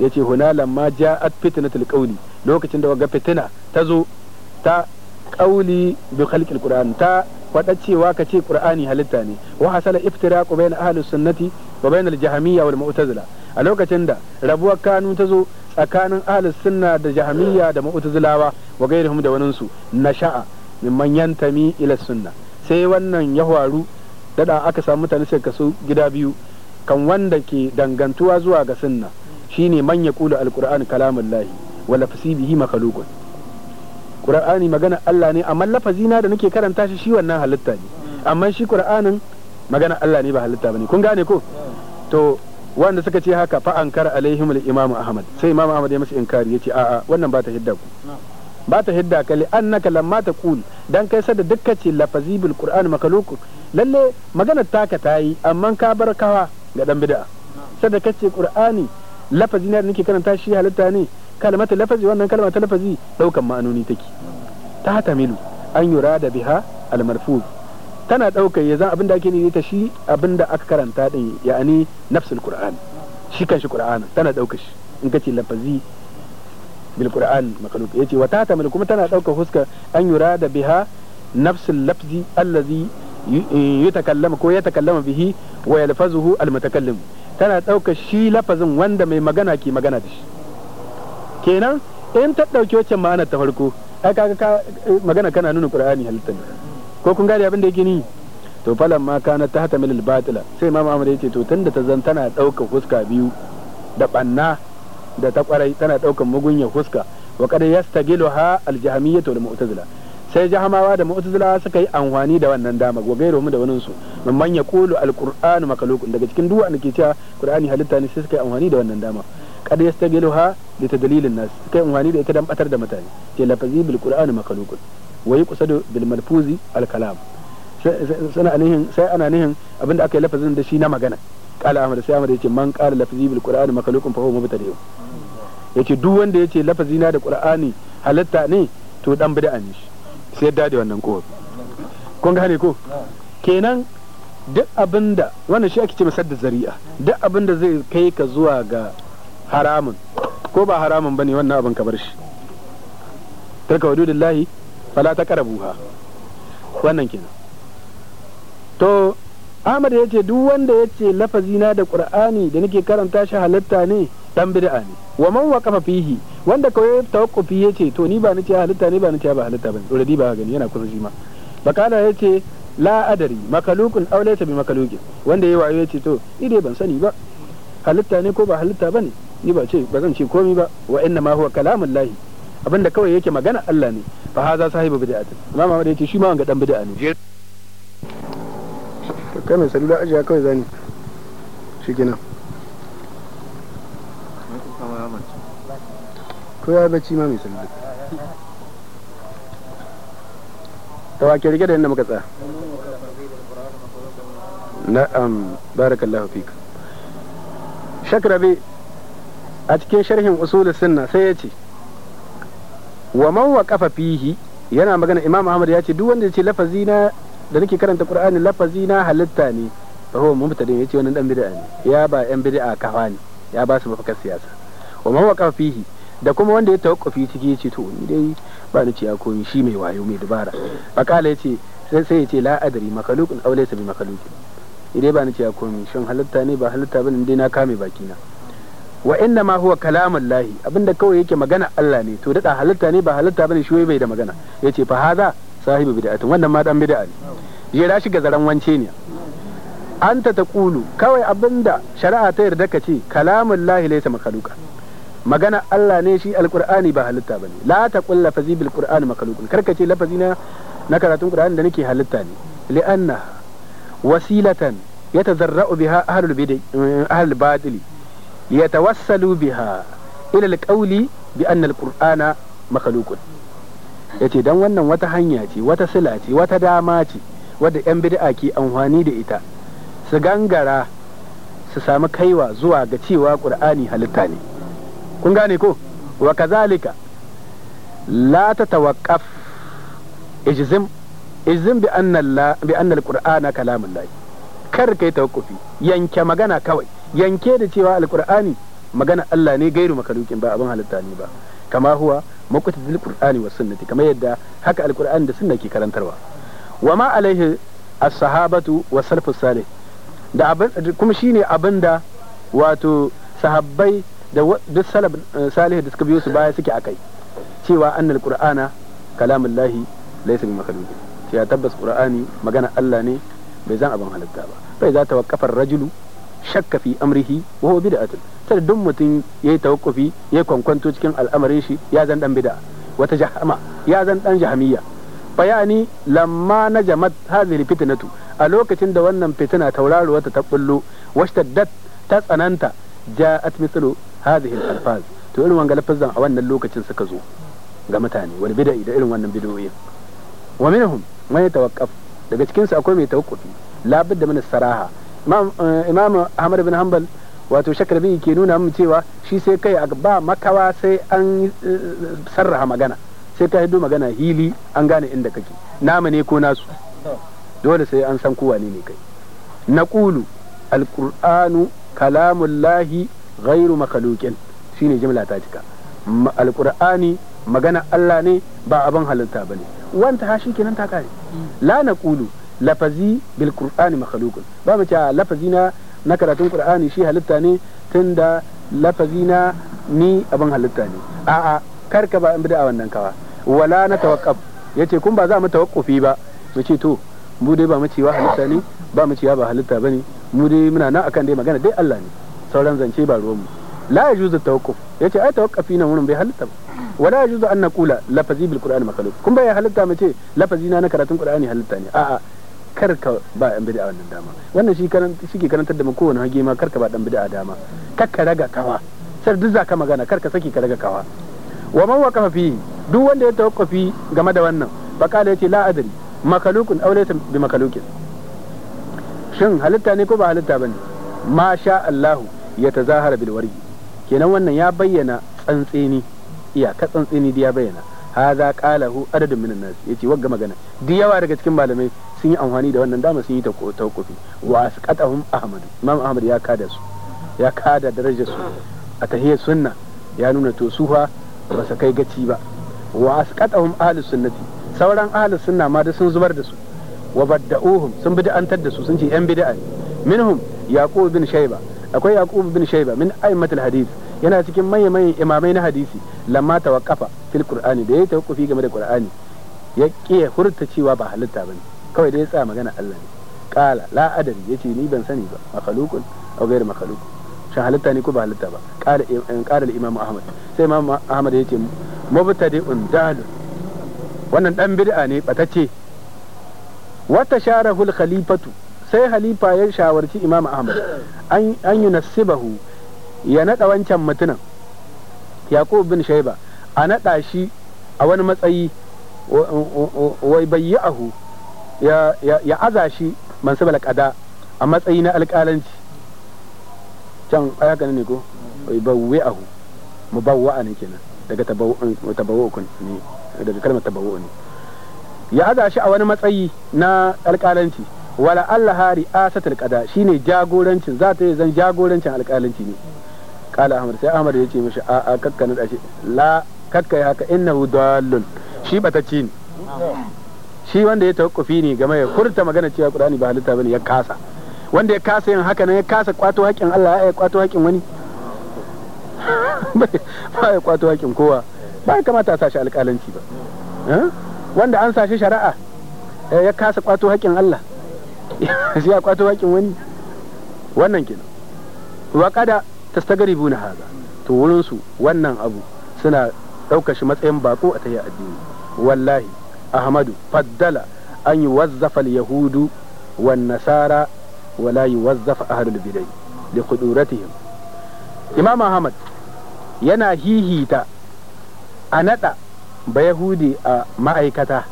yace huna lamma ja'at fitnatul qawli lokacin da waga fitina ta zo ta qawli bi khalqil qur'an ta faɗa cewa ka ce qur'ani halitta ne wa hasala iftiraqu bayna ahlus sunnati wa bayna al jahmiyya wal mu'tazila a lokacin da rabuwar kanu ta zo tsakanin ahlus sunna da jahmiya da mu'tazilawa wa ghairihim da waninsu nasha'a mimman yantami ila sunna sai wannan ya faru dada aka samu mutane sai kasu gida biyu kan wanda ke dangantuwa zuwa ga sunna shine man kula alquran kalamullahi wa lafsi bihi makhluqun qur'ani magana Allah ne amma lafazi na da nake karanta shi shi wannan halitta ne amma shi qur'anin magana Allah ne ba halitta bane kun gane ko to wanda suka ce haka fa kar alaihim al-imam ahmad sai imam ahmad ya masa inkari yace a wannan ba ta hidda ku ba ta hidda ka li annaka lamma taqul dan kai sada dukka ce lafazi bil qur'an makaluk lalle maganar taka tayi amma ka bar kawa ga dan bid'a sada kace qur'ani lafazi ne da nake karanta shi halitta ne kalmata lafazi wannan kalma ta lafazi daukan ma'anoni take ta tamilu an yurada biha al marfuz tana ɗaukar ya zan abin da ake nini ta shi abin da aka karanta ɗin ya'ani nafsul qur'an shi kanshi qur'an tana ɗaukar shi in ka ce lafazi bil qur'an makaluk ce wa ta kuma tana ɗaukar huska an yura da biha nafsul lafzi allazi e, yutakallama ko ya kallama bihi wa yalfazuhu al mutakallim tana ɗaukar shi lafazin wanda mai magana ke magana da shi kenan in ta ɗauki wacce ma'anar ta farko ai kaga magana kana nuna qur'ani halittar ko kun gane abin da yake ni to falan ma kana ta hata milil batila sai imam ya yace to tunda ta zan tana ɗaukar huska biyu da banna da ta kwarai tana ɗaukar mugunyar huska wa kada yastagiluha aljahmiyyah wal mu'tazila sai jahamawa da mu'tazila suka yi anhwani da wannan dama wa gairo mu da wani su man ya qulu alqur'anu makalukun daga cikin duwa wanda ke cewa qur'ani halitta ne sai suka yi anhwani da wannan dama kad ha li tadlilin nas kai yi amfani da ita dan batar da mutane ce lafazi bil qur'ani makhluqun wa yi kusa da bilmalfuzi alkalam sai ana nihin abinda aka yi lafazin da shi na magana kala ahmad sai ahmad yace man kala lafazi bil qur'ani makalukun fa huwa mubtadi yace duk wanda yace lafazi na da qur'ani halatta ne to dan bid'a ne shi sai yadda da wannan kowa kun gane ko kenan duk abinda wannan shi ake ce masa da zari'a duk abinda zai kai ka zuwa ga haramun ko ba haramun bane wannan abin ka bar shi tarka wadudillahi fala ta karabuha wannan kenan to Ahmad ya ce duk wanda ya ce lafazina da Qur'ani da nake karanta shi halitta ne dan bid'a ne wa man waqafa fihi wanda kawai tawaqqufi ya ce to ni ba ni ce halitta ne ba ni ce ba halitta bane already ba gani yana kusa shi ma bakala ya ce la adari makalukun aw bi makalukin wanda ya wayo ya ce to ni dai ban sani ba halitta ne ko ba halitta bane ni ba ce ba zan ce komai ba wa inna ma huwa kalamullahi abinda kawai yake magana Allah ne fa haza sahibu bid'atin imam Ahmad yace shi ma wanga dan bid'a ne to kai mai salula aje kawai zani shi kenan ko ya bace ma mai salula to wa ke rike da yadda muka tsaya na'am barakallahu fik shakrabi a cikin sharhin usul sunna sai ya ce wa man waqafa fihi yana magana imam ahmad ya ce duk wanda ya ce lafazi na da nake karanta qur'ani lafazi na halitta ne fa huwa mubtadi ya ce wannan dan bid'a ne ya ba yan bid'a kafa ne ya ba su mafakar siyasa wa man waqafa fihi da kuma wanda ya tawakkafi ciki ya ce to ni dai ba ni ciya komi shi mai wayo mai dubara faqala ya ce sai sai ya ce la adri makalukun aw laysa bi makalukun idai ba ni ciya komi shin halitta ne ba halitta bane dai na kame baki na wa inna ma huwa kalamun lahi abinda kawai yake magana Allah ne to daɗa halitta ne ba halitta bane shi bai da magana yace fa haza sahibi bid'atin wannan ma dan bid'a ne jera shi ga zaran wance ne anta taqulu kawai abinda shari'a ta yarda ka ce kalamun lahi laysa makhluqa magana Allah ne shi alqur'ani ba halitta bane la taqul lafazi bil qur'ani makhluqun karka ce lafazi na na karatun qur'ani da nake halitta ne li'anna wasilatan yatazarra'u biha ahlul bid'ah eh, ahlul batili yatawassalu biha ila alqauli bi anna alqur'ana makhluqun yace dan wannan wata hanya ce wata sila ce wata dama ce wadda yan bid'a ke amfani da ita su gangara su sami kaiwa zuwa ga cewa qur'ani halitta ne kun gane ko wa kazalika la tatawaqqaf ijzim ijzim bi bi anna kalamun lahi kar kai tawqufi yanke magana kawai yanke da cewa alkur'ani magana Allah ne gairu makalukin ba abin halitta ne ba kama huwa muqtadil qur'ani wa sunnati kamar yadda haka alkur'ani da sunna ke karantarwa wa ma alaihi as-sahabatu wa salafus salih da abin kuma shine da wato sahabbai da duk salaf salih da suka biyo su baya suke akai cewa annal qur'ana kalamullahi laysa bi makalukin cewa tabbas qur'ani magana Allah ne bai zan abin halitta ba bai za ta waqqafa rajulu shakka fi amrihi wa huwa bid'atun sai duk mutum yi tawakkufi yi kwankwanto cikin al'amarin shi ya zan dan bid'a wata jahama ya zan dan jahamiyya bayani lamma najamat hadhihi fitnatu a lokacin da wannan fitina tauraruwa ta tabbullo washtaddat ta tsananta ja'at mithlu hadhihi al-alfaz to irin wannan lafazan a wannan lokacin suka zo ga mutane wal bid'a da irin wannan bid'o'i wa minhum man yatawaqqaf daga cikin su akwai mai tawaqqufi labudda min saraha Eh, imam ahmad bin hanbal wato shakarbi ke nuna mu cewa shi sai kai a ba makawa sai an eh, sarraha magana sai ka hiddo magana hili an gane inda kake nama ne ko nasu dole sai an san kowa ne kai na ƙulu alƙur'anu kalamullahi ghairu makhluqin shine jimla ta cika alkur'ani magana Allah ne ba abin halitta bane wanta ha shi kenan ta kare la na lafazi bil qur'ani makhluqun ba mu ce lafazi na na karatun qur'ani shi halitta ne tunda lafazi na ni abin halitta ne a'a kar ka ba in bid'a wannan kawa wala na tawaqqaf yace kun ba za mu tawakkufi ba mu ce to mu dai ba mu cewa halitta ne ba mu ya ba halitta bane mu dai muna nan akan dai magana dai Allah ne sauran zance ba ruwan mu la yajuzu tawakkuf yace ai tawakkafi na mun bai halitta ba wala yajuzu an naqula lafazi bil qur'ani makhluq kun ya halitta mu ce lafazi na na karatun qur'ani halitta ne a'a kar ka ba ɗan bid'a wannan dama wannan shi karan karantar da mu kowane hage ma kar ka ba ɗan bid'a dama kar ka raga kawa sai duk zaka magana kar ka saki ka raga kawa wa man waqafa fi duk wanda ya tawakkafi game da wannan kala yace la adri makalukun aw laysa bi makalukin shin halitta ne ko ba halitta bane ma sha Allah ya tazahara bil wari kenan wannan ya bayyana tsantseni iya ka tsantseni da ya bayyana haza qalahu adadun minan nas yace wagga magana di yawa daga cikin malamai sun yi amfani da wannan dama sun yi ta kofi wa hun Ahmadu imam Ahmadu ya kada su ya kada darajar su a tahiyar sunna ya nuna to sufa ba su kai gaci ba wa asqatahum ahli sunnati sauran ahli sunna ma da sun zubar da su wa badda'uhum sun bid'antar da su sun ce yan bid'a minhum yaqub bin Shaiba akwai yaqub bin Shaiba min aimatul hadith yana cikin manya manyan imamai na hadisi lamma tawaqqafa fil qur'ani da yi tawaqqufi game da qur'ani ya ƙi hurta cewa ba halitta bane kawai dai ya tsaya magana Allah ne kala la adari yace ni ban sani ba makhluqun aw ghayr makhluq shin halitta ne ko ba halitta ba kala in kala imam ahmad sai imam ahmad yace mubtadi'un dal wannan dan bid'a ne batacce wata sharahul khalifatu sai halifa ya shawarci imam ahmad an yunasibahu ya nada wancan mutunan yaqub bin shaiba a nada shi a wani matsayi wai bayyahu ya aza shi mansu balakada a matsayi na alƙalanci can ayaka ne ko bawwe ahu mu bawwa ne kenan daga tabawu'un mm, ne daga kalmar tabawu'un ne ya aza shi a wani matsayi na alƙalanci wala Allah hari asatul qada shine jagorancin za ta yi zan jagorancin alƙalanci ne kala ahmad sai ahmad ya ce mishi a a kakka na dashi la kakka haka innahu dallun shi ci ne shi wanda ya tawakkufi ne game ya furta magana cewa qur'ani ba halitta bane ya kasa wanda ya kasa yin haka nan ya kasa kwato hakkin Allah ya kwato hakkin wani (laughs) ba ya kwato hakkin kowa ba ya kamata a sashi alƙalanci ba eh? wanda an sashi shari'a eh, ya kasa kwato hakkin Allah (laughs) sai ya kwato hakkin wani wannan kenan wa kada tastagribu na haza to wurin su wannan abu suna ɗaukar shi matsayin bako a tayi addini wallahi ahmadu faddala an yi wazzafa yahudu wan nasara wala yi wazzafa ahlul bidai li quduratihim imam ahmad yana hihita a naɗa ba yahudi a ma'aikata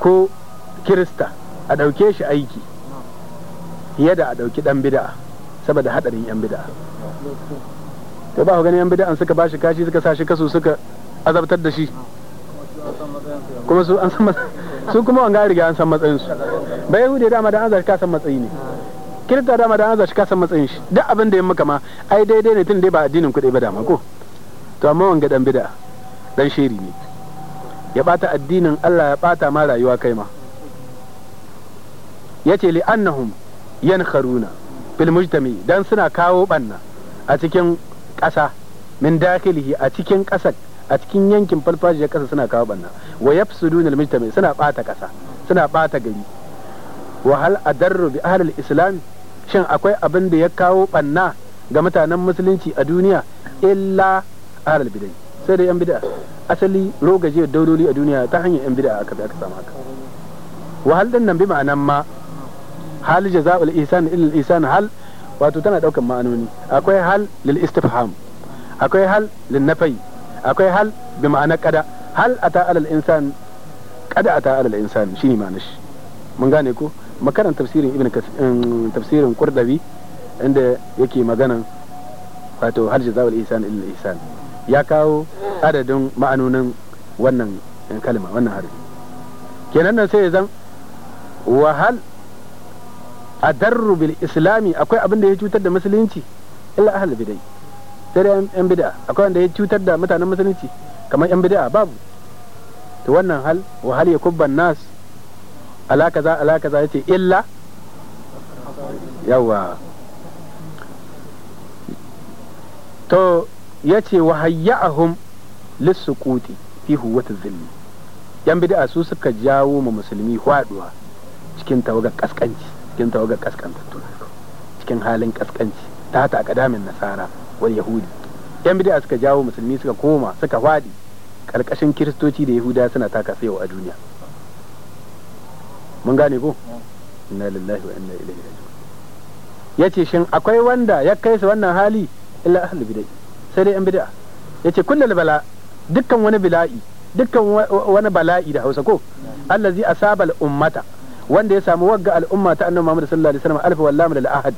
ko kirista a ɗauke shi aiki fiye da a ɗauki ɗan bida'a saboda haɗarin 'yan bida'a to ba ku ganin 'yan bida'an suka ba shi kashi suka sa kaso suka azabtar da shi kuma su an san (laughs) su kuma an ga riga an san matsayin su ba ya dama da an zarci ka san matsayi ne kirista dama da an zarci ka san matsayin shi duk abin da ya maka ma ai daidai ne tun dai ba addinin kuɗi ba dama ko to amma wanga dan bid'a dan shiri ne ya bata addinin Allah ya bata ma rayuwa kai ma yace li annahum yankharuna fil mujtami dan suna kawo banna a cikin ƙasa min dakilihi a cikin ƙasar a cikin yankin farfajiyar kasa suna kawo banna wa yafsuduna almujtama suna bata kasa suna bata gari wa hal adarru bi ahli islam shin akwai abin da ya kawo banna ga mutanen musulunci a duniya illa ahli bidai sai da yan bid'a asali rogaje dauloli a duniya ta hanyar yan bid'a aka aka samu haka wa hal din nan bi ma'anan ma hal jaza'ul ihsan illa ihsan hal wato tana daukan ma'anoni akwai hal lil istifham akwai hal lin nafai akwai hal bi ma'ana kada hal ata alal insan kada ata alal insan shine ma'anar shi mun gane ko makaran tafsirin ibn um, tafsirin qurdabi inda yake magana wato hal jazaa'ul ihsan illa ihsan ya kawo adadin ma'anonin wannan um, kalma wannan harfi kenan nan sai ya zan wa hal adarru bil islami akwai abin da ya cutar da musulunci illa ahlul bidai sai dai yan bid'a akwai wanda ya cutar da mutanen musulunci kamar yan bid'a babu to wannan hal wa hal yakubban nas alaka za alaka za yace illa yawa to yace wa hayya'ahum lisuquti fi huwati zilli yan bid'a su suka jawo ma musulmi faduwa cikin tawagar kaskanci cikin tawagar kaskantattu cikin halin kaskanci ta ta a kadamin nasara wal yahudi yan bid'a suka jawo musulmi suka koma suka fadi karkashin kiristoci da yahuda suna taka sayo a duniya mun gane ko inna lillahi wa inna ilaihi raji'un yace shin akwai wanda ya kai su wannan hali illa ahlul bid'ah sai dai yan bid'a yace kullal bala dukkan wani bila'i dukkan wani bala'i da Hausa ko allazi asabal ummata wanda ya samu wagga al'umma ta annabi Muhammad sallallahu alaihi wasallam alfa wallahi lil ahad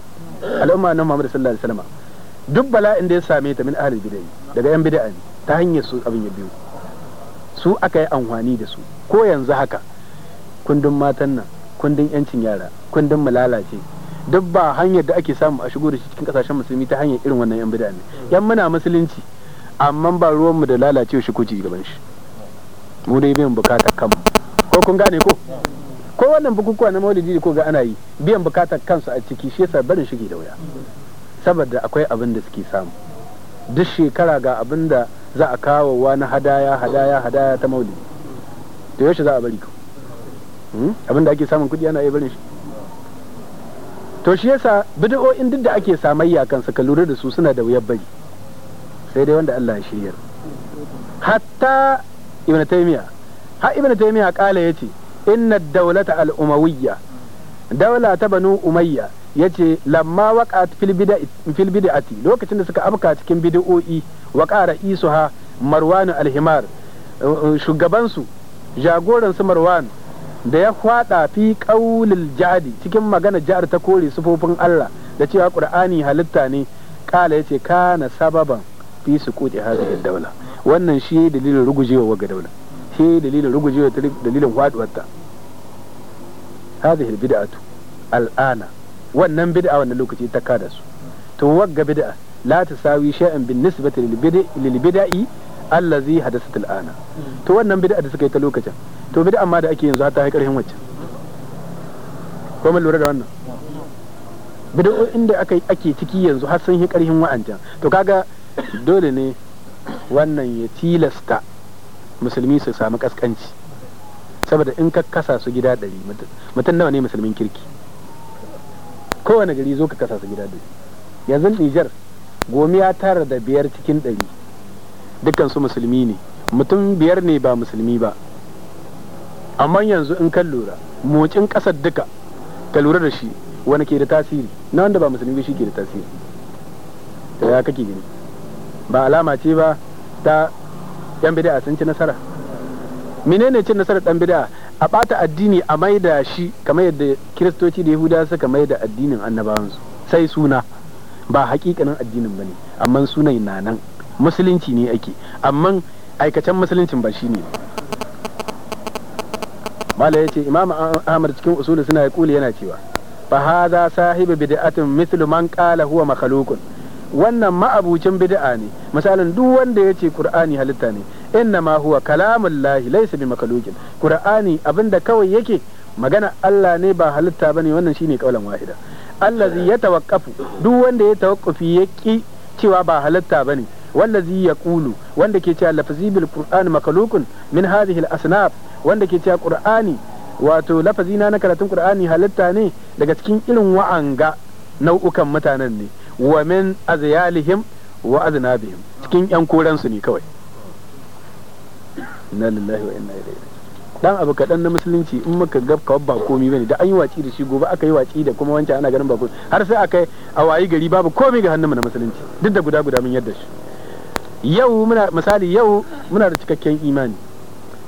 al'umma annabi Muhammad sallallahu alaihi wasallam duk bala'in da ya same ta min ahlul bidai daga yan bid'a ne ta hanyar su abin ya biyo su aka yi amfani da su ko yanzu haka kundin matan nan kundin yancin yara kundin mu lalace duk ba hanyar da ake samu a shigo da shi cikin kasashen musulmi ta hanyar irin wannan yan bid'a ne yan muna musulunci amma ba ruwan mu da lalacewa shi ko gaban shi mu dai biyan bukata kanmu ko kun gane ko ko wannan bukukuwa na maulidi ko ga ana yi biyan bukatar kansu a ciki shi yasa barin shige da wuya saboda akwai abin da suke samu duk shekara ga abin da za a kawo wa na hadaya hadaya hadaya ta maulidi to yaushe za a bari ku hmm? abin da ake samun kuɗi ana iya barin shi to shi yasa bid'o'in duk da ake samayya kan ka lura da su suna da wuyar bari sai dai wanda Allah ya shirya hatta ibn taymiya ha ibn taymiya kala yace inna ad-dawlata al-umawiyya dawla ta banu umayya yace lamma waka fil fil bid'ati lokacin da suka afka cikin bid'o'i wa qara isu ha al alhimar eh, eh, shugabansu jagoransu marwan da ya fada fi qaulil jadi cikin magana ja'ar ta kore sufofin Allah da cewa qur'ani halitta ne kala yace kana sababan fi suquti hadhihi daula wannan shi dalilin rugujewa ga daula shi dalilin rugujewa dalilin faduwarta hadhihi bid'atu al'ana wannan bid'a wannan lokaci ta kada su to wagga bid'a la sawi shay'an bin nisbati lil bid'i allazi hadasat al ana to wannan bid'a da suka yi ta lokacin to bid'a ma da ake yanzu ta yi karhin wacce ko mun lura da wannan bid'o'in da aka ake ciki yanzu har sun yi karhin wa'ancan to kaga dole ne wannan ya tilasta musulmi su samu kaskanci saboda in ka kasa su gida ɗari mutum nawa ne musulmin kirki kowane gari zo ka kasa su gida da yanzu Nijar gomiya tara da biyar cikin ɗari dukkan su musulmi ne mutum biyar ne ba musulmi ba amma yanzu in kan lura mocin ƙasar duka ka lura da shi wani ke da tasiri na wanda ba musulmi shi ke da tasiri da ya kake gani ba alama ce ba ta yan bid'a sun ci nasara menene cin nasarar dan bid'a a ɓata addini a maida shi kamar yadda kiristoci da yahuda suka da addinin annabawansu sai suna ba hakikanin addinin ba ne amma sunan na nan musulunci ne ake amma aikacen musuluncin ba shine mala yace imam ahmad cikin usulu suna ya kuli yana cewa fa za sahibi bid'atin mithlu man qala huwa makhluqun wannan ma'abucin bid'a ne misalin duk wanda ya ce qur'ani halitta ne inna ma huwa lahi laysa bi makalukin qur'ani abinda kawai yake magana Allah ne ba halitta bane wannan shine kaulan wahida allazi ya tawakkafu duk wanda ya tawakkufi ya ki cewa ba halitta bane wallazi ya kulu wanda ke cewa lafazi bil qur'ani makalukun min hadhihi al asnaf wanda ke cewa qur'ani wato lafazi na karatun qur'ani halitta ne daga cikin irin wa'anga nau'ukan mutanen ne wa min azyalihim wa aznabihim cikin yan koransu ne kawai inna lillahi wa inna ilaihi dan abu kadan na musulunci in muka ga kawai ba komai bane da an yi waci da shi gobe aka yi waci da kuma wancan ana ganin ba komai har sai aka a wayi gari babu komi ga hannunmu na musulunci duk da guda guda mun yadda shi yau muna misali yau muna da cikakken imani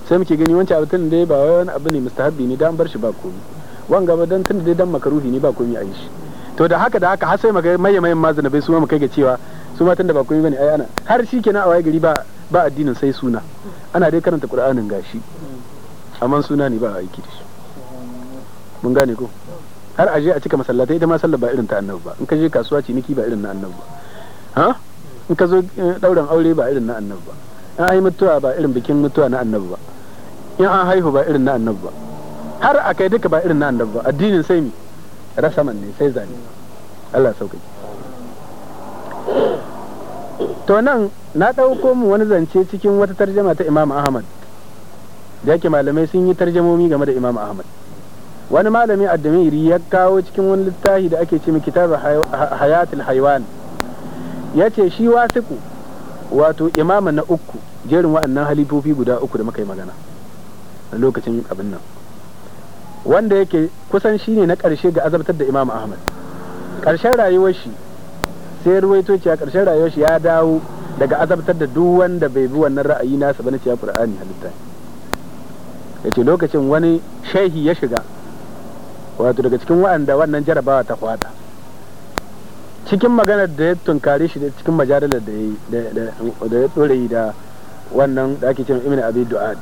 sai muke gani wancan abu tun dai ba wani abu ne mustahabbi ne dan bar shi ba komai wanga ba dan tun dai dan makaruhi ne ba komai a yi shi to da haka da haka har sai maga mai ma mazanabai su ma mu kai ga cewa su ma tunda ba yi bane ai ana har shi kenan a waye gari ba ba addinin sai suna ana dai karanta qur'anin gashi amma suna ne ba a aiki da shi mun gane ko har aje a cika masallata ita ma sallar ba irin ta annabi ba in ka je kasuwa ciniki ba irin na annabi ba ha in ka zo dauran eh, aure ba irin na annabi ba in an yi mutuwa ba irin bikin mutuwa na annabi ba in an haihu ba irin na annabi ba har a kai duka ba irin na annabi ba addinin sai mi rasaman ne sai zane Allah sauƙaƙi to nan na ɗauko mu wani zance cikin wata tarjama ta Imam Ahmad da yake malamai sun yi tarjamomi game da Imam Ahmad wani malami addamiri ya kawo cikin wani littafi da ake ce mai kitabu hayatul haiwan ya ce shi wasiku wato imama na uku jerin wa'annan halifofi guda uku da muka yi magana a lokacin abin nan wanda yake kusan shi ne na ƙarshe ga azabtar da imam ahmad ƙarshen rayuwar shi sai ruwaito cewa ƙarshen rayuwar shi ya dawo daga azabtar da duk wanda bai bi wannan ra'ayi nasa bane cewa qur'ani halitta ya ce lokacin wani shehi ya shiga wato daga cikin wa'anda wannan jarabawa ta kwada cikin maganar da ya tunkare shi cikin majalalar da ya da da wannan da ake cewa ibn abi du'ad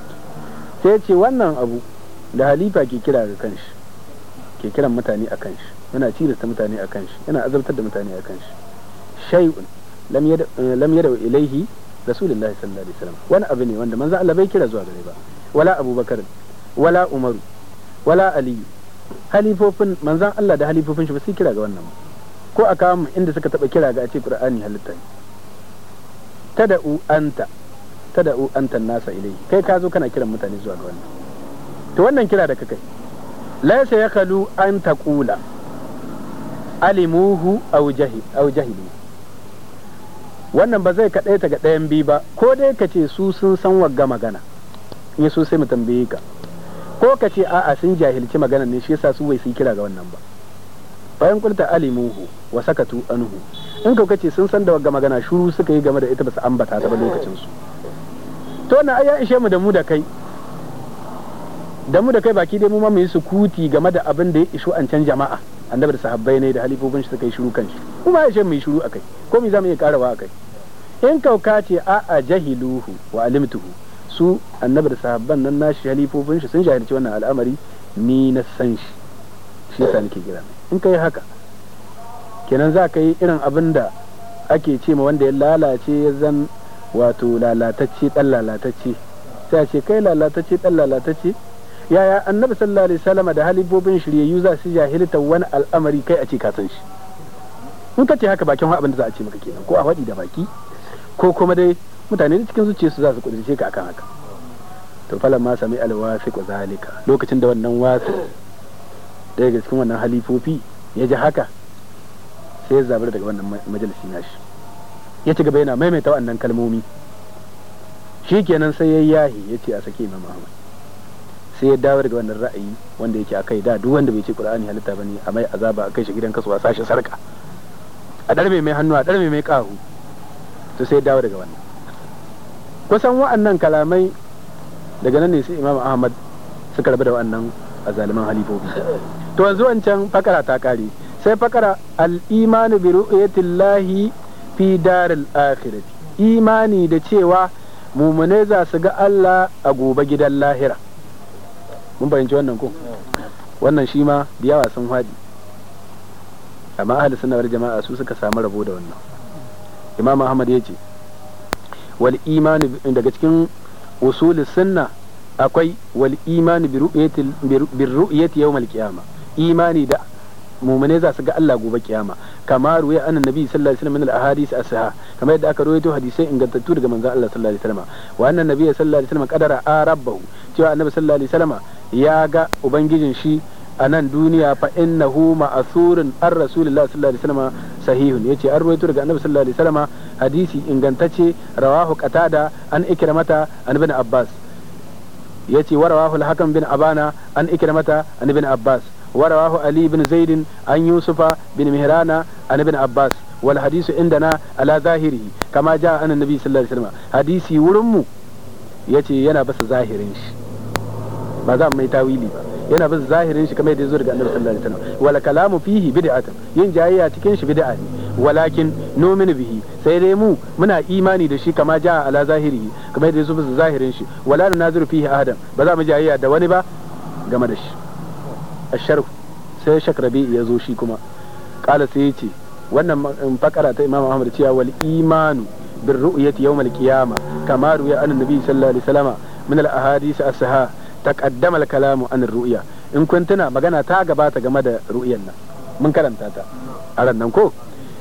sai ya ce wannan abu da halifa ke kira ga kanshi ke kiran mutane a kanshi yana ta mutane a kanshi yana azartar da mutane a kanshi shay'un lam yada eh, ilaihi rasulullahi sallallahu alaihi wasallam wani abu ne wanda manzo Allah bai kira zuwa gare ba wala abubakar wala umaru wala aliyu halifofin manzan Allah da halifofin shi ba su kira ga wannan ko a kawo inda suka taba kira ga a ce qur'ani halitta ne tada'u anta tada'u anta nasa ilai kai ka zo kana kiran mutane zuwa ga wannan to wannan kira da kai, laisa ya kalu an kula, alimuhu aw jahilu wannan ba zai ta ga ɗayan biyu ba ko dai ka ce su sun san wagga magana in su sai mu tambaye ka ko ka ce a'a sun jahilci magana ne shi yasa su bai su kira ga wannan ba bayan kulta alimuhu wa sakatu anhu in ka kace sun san da wagga magana shuru suka yi game da ita ba su ambata ta ba lokacin su to na ai ishe mu da mu da kai da mu da kai baki dai mu ma mu yi sukuti game da abin da ya ishu an can jama'a annabi da sahabbai ne da halifofin shi suka yi shiru kan shi kuma ya ce mu yi shiru akai ko mu za mu iya karawa akai in kauka ce a a jahiluhu wa alimtuhu su annabi da sahabban nan nashi halifofin shi sun jahilci wannan al'amari ni na san shi shi yasa nake kira in kai haka kenan za ka yi irin abin da ake ce ma wanda ya lalace ya zan wato lalatacce dan lalatacce sai a ce kai lalatacce dan lalatacce yaya annabi sallallahu alaihi wasallam da halibobin shiryayyu za su jahilta wani al'amari kai a ce ka san shi in ka ce haka bakin abin da za a ce maka kenan ko a faɗi da baki ko kuma dai mutane da cikin zuciyarsu za su kudirce ka akan haka to falan ma sami alwafiq zalika lokacin da wannan wasu daga ga cikin wannan halifofi ya ji haka sai ya zabar daga wannan majalisi nashi ya ci gaba yana maimaita wannan kalmomi shikenan sai ya yahi ya ce a sake imam ahmad sai ya dawo daga wannan ra'ayi wanda yake akai da duk wanda bai ce qur'ani halitta bane a mai azaba a kai shi gidan kasuwa sashi sarka a darbe mai hannu a darbe mai kahu to sai ya dawo daga wannan kusan wa'annan kalamai daga nan ne sai imam ahmad suka rabu da wa'annan azaliman zaliman halifofi to yanzu wancan fakara ta kare sai fakara al-imanu bi ru'yatillahi fi daril akhirati imani da cewa mumune za su ga Allah a gobe gidan lahira mun fahimci wannan ko wannan shi ma da yawa sun haɗi amma ahli sunna wal jama'a su suka samu rabo da wannan imam ahmad ya ce wal iman daga cikin usul sunna akwai wal iman bi ru'yati bi ru'yati yawm al qiyama imani da mumune za su ga Allah gobe kiyama kamar ruwaya annabi sallallahu alaihi wasallam min al ahadith as-sahih kama yadda aka ruwaito hadisai ingantattu daga manzon Allah sallallahu alaihi wasallam wa annan nabi sallallahu alaihi wasallam qadara a cewa annabi sallallahu alaihi wasallam ya ga ubangijin shi a nan duniya fa innahu ma'asurin an la sallallahu alaihi wasallam sahihun yace an ruwaito daga annabi sallallahu alaihi wasallam hadisi ingantacce rawahu qatada an ikramata an ibn abbas yace wa rawahu al-hakam bin abana an ikramata an ibn abbas wa rawahu ali bin zaid an yusufa bin mihrana an ibn abbas wal hadisu indana ala zahiri kama jaa an annabi sallallahu alaihi wasallam hadisi wurin mu yace yana basa zahirin shi ba za mu mai tawili ba yana bin zahirin shi kamar yadda zo daga annabi sallallahu alaihi wasallam wala kalamu fihi bid'atun yin jayayya cikin shi bid'a ne walakin nu'minu bihi sai dai mu muna imani da shi kama ja'a ala zahiri kamar yadda zo bin zahirin shi wala nazuru fihi ahadan ba za mu jayayya da wani ba game da shi asharu sai shakrabi ya zo shi kuma kala sai yace wannan um, fakara ta imamu ahmad cewa wal imanu bir ru'yati yawm al qiyamah kama ruya annabi sallallahu alaihi wasallam min al ahadith as-sahih taqaddama al-kalamu an ar ru'ya in kuntuna magana ta gabata game da ru'yan nan mun karanta ta a ran nan ko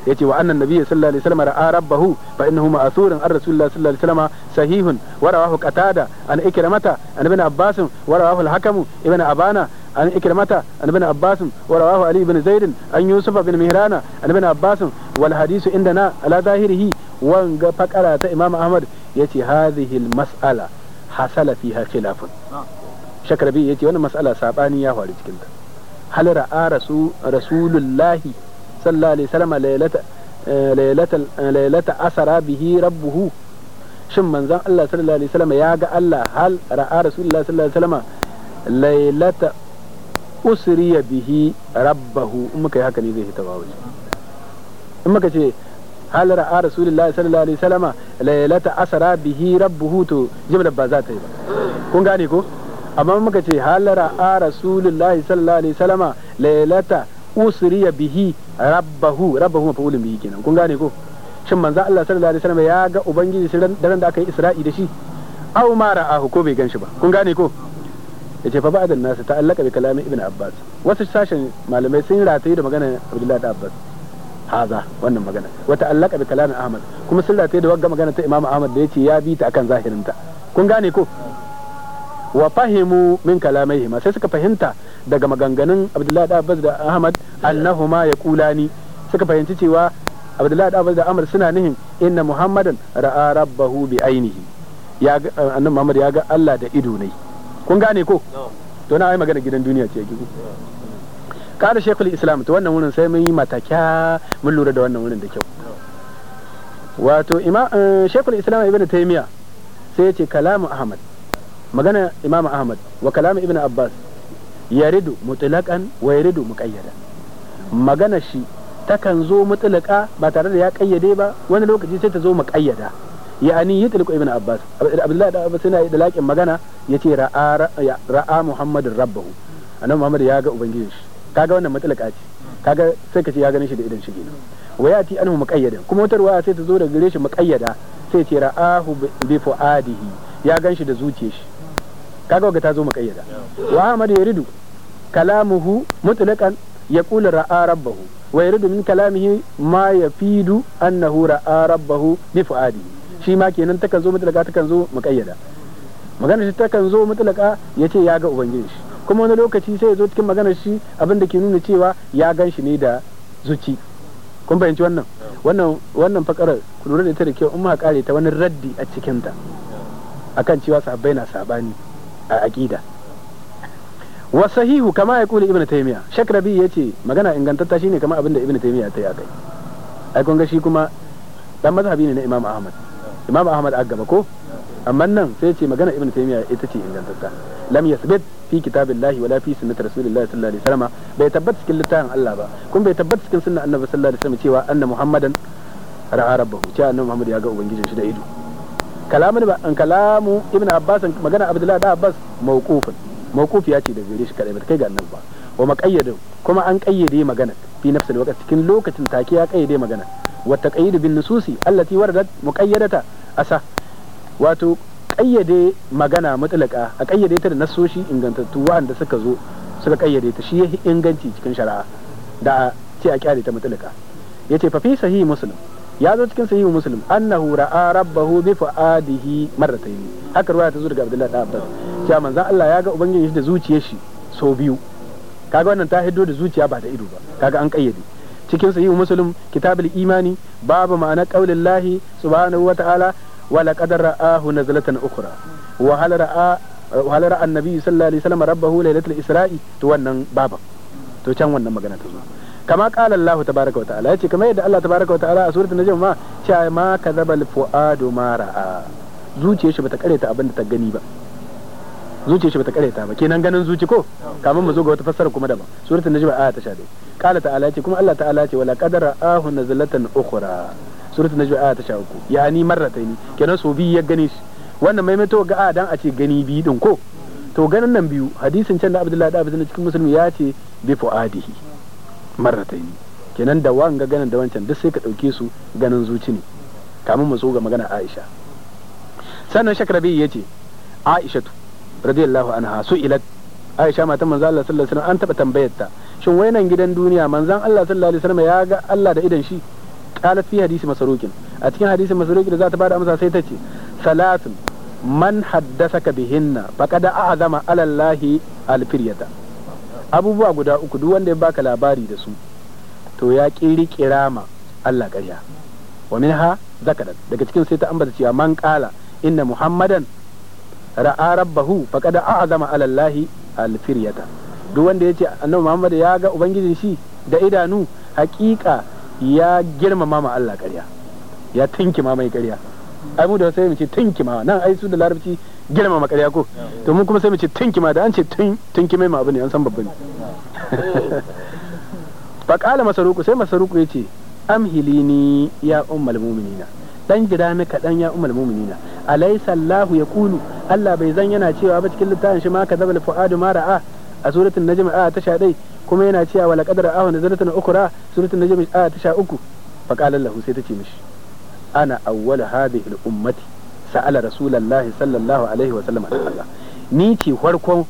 yace wa annan nabiyyi sallallahu alaihi wasallam ra'a rabbahu fa innahu ma'thurun ar rasulullah sallallahu alaihi wasallam sahihun wa rawahu qatada an ikramata an ibn abbas wa rawahu al-hakamu ibn abana an ikramata an ibn abbas wa rawahu ali ibn zaid an yusuf ibn mihrana an ibn abbas wal hadithu indana ala zahirihi wanga fakara ta imam ahmad yace hadhihi al-mas'ala hasala fiha khilafun shakarabi ya ce wani mas'ala sabani ya faru cikin ta hal ra'a rasulullahi sallallahu alaihi wasallam eh, laylata laylata asara bihi rabbuhu shin manzon Allah sallallahu alaihi wasallam ya ga Allah hal ra'a rasulullahi sallallahu alaihi wasallam laylata usriya bihi rabbahu in muka yi haka ne zai hita bawo in muka ce hal ra'a rasulullahi sallallahu alaihi wasallam laylata asara bihi rabbuhu to jimla ba za ta yi ba kun gane ko amma muka ce halara a rasulullahi sallallahu alaihi wasallama lailata usriya bihi rabbahu rabbahu mafulun bihi kenan kun gane ko shin manzo Allah sallallahu alaihi wasallam ya ga ubangiji shi daren da aka yi isra'i da shi aw ma ra'ahu ko bai ganshi ba kun gane ko yace fa ba'd an-nas ta'allaka bi kalami ibn abbas wasu sashen malamai sun rataye da magana abdullahi da abbas haza wannan magana wa ta'allaka bi kalami ahmad kuma sun rataye da wagga magana ta imamu ahmad da yace ya bi ta akan zahirinta kun gane ko wa fahimu min kalamai sai suka fahimta daga maganganun abdullahi da abbas da ahmad annahuma ya kulani suka fahimci cewa abdullahi da abbas da ahmad suna nihin inna muhammadan ra'a rabbahu bi ainihi ya ga annabi muhammad ya ga allah da ido ne kun gane ko to na ai magana gidan duniya ce gigu kada shekul islam to wannan wurin sai mun yi matakya mun lura da wannan wurin da kyau wato eh, shekul islam ibn taymiya sai ya ce kalamu ahmad magana imam ahmad wa kalam ibn abbas yaridu mutlaqan wa yaridu muqayyada magana shi takan zo mutlaqa ba tare da ya kayyade ba wani lokaci sai ta zo muqayyada yani yi tilku ibn abbas abdullahi da abbas yana da laƙin magana yace ra'a ra'a muhammadin rabbahu annabi muhammad ya ga Ubangiji shi kaga wannan mutlaqa ce kaga sai ka ce ya gane shi da idan shi kenan wayati anhu muqayyada kuma wata ruwaya sai ta zo daga gare shi muqayyada sai ce ra'ahu bi fuadihi ya gan shi da zuciyar shi kaga ga ta zo muƙayyada wa ahmad yuridu kalamuhu mutlaqan yaqulu ra'a rabbahu wa yuridu min kalamihi ma yafidu annahu ra'a rabbahu bi fuadi shi ma kenan takan zo mutlaqa takan zo muƙayyada magana shi takan zo mutlaqa yace ya ga ubangiji shi kuma wani lokaci sai ya zo cikin magana shi abin da ke nuna cewa ya gan shi ne da zuci kun fahimci wannan wannan wannan fakarar ku lura da ta da kyau in ma kare ta wani raddi a cikinta akan cewa sahabbai na sabani a aƙida wasu sahihu kama ya kuli Ibn taymiya shek rabi yace magana ingantatta shine kama abinda ibn taymiya ta yi akai ai kun ga shi kuma dan mazhabi ne na imam ahmad imam ahmad a gaba ko amma nan sai ce magana Ibn taymiya ita ce ingantatta lam yasbit fi kitabillahi wala fi sunnati rasulillahi sallallahu alaihi wasallam bai tabbata cikin littafin Allah ba kun bai tabbata cikin sunnar annabi sallallahu alaihi wasallam cewa anna muhammadan ra'a rabbahu cewa annabi muhammad ya ga ubangijin shi da ido kalamun kalamu ibn abbas magana abdullahi da abbas mawqufun mawquf ya ce da gare shi kadai ba kai ga nan ba wa maqayyadu kuma an qayyade magana fi nafsil waqt cikin lokacin take ya qayyade magana wa taqayyid bin nususi allati waradat muqayyadata asa wato kayyade magana mutlaka a kayyade ta da nassoshi ingantattu waɗanda suka zo suka kayyade ta shi ya inganci cikin shari'a da ce a kyale ta mutlaka yace fa fi sahih muslim ya zo cikin sahihu muslim annahu ra'a rabbahu bi fa'adihi marratayn haka ruwaya ta zo daga abdullahi da abbas cewa manzon Allah ya ga ubangiji da zuciyar shi so biyu kaga wannan ta hiddo da zuciya ba da ido ba kaga an kayyade cikin sahihu muslim kitabul imani babu ma'ana qaulin lahi subhanahu wata'ala wa laqad ra'ahu nazlatan ukhra wa hal ra'a wa ra'a annabi sallallahu alaihi wasallam rabbahu lailatul isra'i to wannan baban to can wannan magana ta zo kama kala Allah baraka wa ta'ala yace kamar yadda Allah baraka wa ta'ala a suratul najm ma cha ma kadzabal fuadu ma ra'a zuciyar shi bata kareta abin da ta gani ba zuciyar shi bata kareta ba kenan ganin zuci ko kamar mu zo ga wata fassara kuma daban suratul najm aya ta 11 kala ta'ala yace kuma Allah ta'ala yace wala qadara ahu nazlatan ukhra suratul najm aya ta 13 yani marrataini kenan so bi ya gani shi wannan maimaito ga a dan a ce gani bi din ko to ganin nan biyu hadisin can da Abdullahi da Abdullahi cikin musulmi ya ce bi fuadihi marrataini kenan da wanga ganin da wancan duk sai ka ɗauke su ganin zuci ne kamin mu tsoga ga magana Aisha sannan Shakrabi ya ce Aishatu radiyallahu anha ila Aisha matan manzo Allah sallallahu alaihi wasallam an taba tambayar ta shin wayanan gidan duniya manzan Allah sallallahu alaihi wasallam ya ga Allah da idan shi qalat fi hadisi masarukin a cikin hadisi masarukin da za ta bada amsa sai ta ce salatun man ka bihinna a a'zama ala alfiryata abubuwa guda uku duk wanda ya baka labari da su to ya kiri ma Allah ƙarya wa min ha zakarat daga cikin sai ta ambata cewa man ƙala, inna muhammadan ra'a rabbahu faqad a'zama ala allahi alfiryata duk wanda ce annabi muhammad ya ga ubangijin shi da idanu haƙiƙa ya girmama ma Allah ƙarya ya ma mai ƙarya ai mu da sai mu ce ma nan ai su da larabci girmama ƙarya ko to mun kuma sai mu ce tunki ma da an ce tun tunki mai ma abu ne an san babba ne (laughs) fa kala masaruku sai masaruku yace amhilini ya ummul mu'minina dan gida ni kaɗan ya ummul mu'minina alaysa allahu yaqulu allah bai zan yana cewa ba cikin littafin shi ma kadzabal fuadu ma ra'a a suratul najm a ta sha dai kuma yana cewa wala qadara ahu nazaratan ukra suratul najm a ta sha uku fa kala lahu sai ta ce mishi ana awwal hadhihi al ummati sa'ala rasulullahi sallallahu alaihi wa sallam ni ce farkon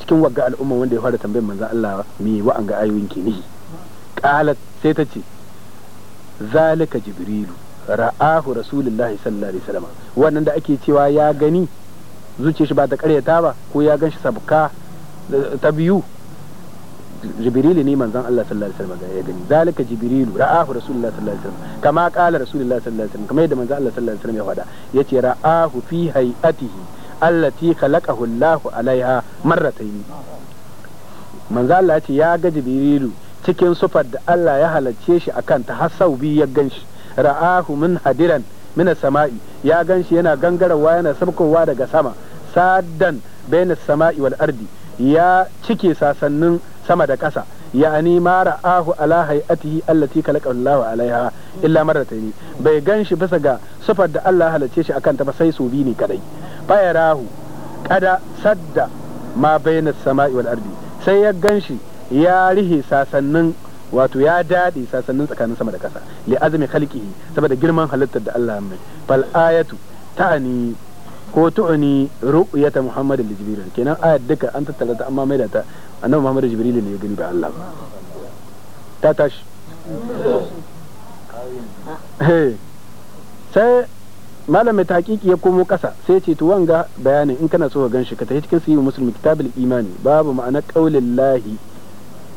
cikin wagga al'umma wanda ya fara tambayar manzo Allah me wa'an ga ayoyin ke ni qalat sai ta ce zalika jibrilu ra'ahu rasulullahi sallallahu alaihi wasallam wannan da ake cewa ya gani zuciyar shi ba ta karyata ba ko ya ganshi sabka eh, ta biyu jibrilu ne manzon Allah sallallahu alaihi wasallam ya gani zalika jibrilu ra'ahu rasulullahi sallallahu alaihi wasallam kama qala rasulullahi sallallahu alaihi wasallam kamar yadda Allah sallallahu alaihi wasallam ya faɗa yace ra'ahu fi hay'atihi allati khalaqahu Allahu alaiha marratayn manzon Allah ya ce ya ga jibrilu cikin sufar da Allah ya halacce shi a kan ta har sau biyu ya ganshi ra'ahu min hadiran min sama'i ya ganshi yana gangarawa yana sabkowa daga sama saddan bayna sama'i wal ardi ya cike sasannin sama da ƙasa ya'ani ma ra'ahu ala hay'atihi allati khalaqa Allahu alaiha illa marratayn bai ganshi bisa ga sifar da Allah halice shi akan ta ba sai su bi ne kadai fa rahu kada sadda ma bayna samai wal ardi sai ya ganshi ya rihe sasannin wato ya daɗe sasannin tsakanin sama da ƙasa li azumi khalqihi saboda girman halittar da Allah mai fal ayatu ta'ani ko tu'ni ru'yata muhammadin li jibril kenan ayat duka an tattalata ta amma maida ta annabi Muhammad Jibril ne ya gani ba Allah ba ta tashi eh, sai malam mai taƙiƙi ya komo ƙasa sai ce to wanga bayanin in kana so ka ganshi ka tafi cikin sahihu muslim kitabul imani babu ma'ana qaulil lahi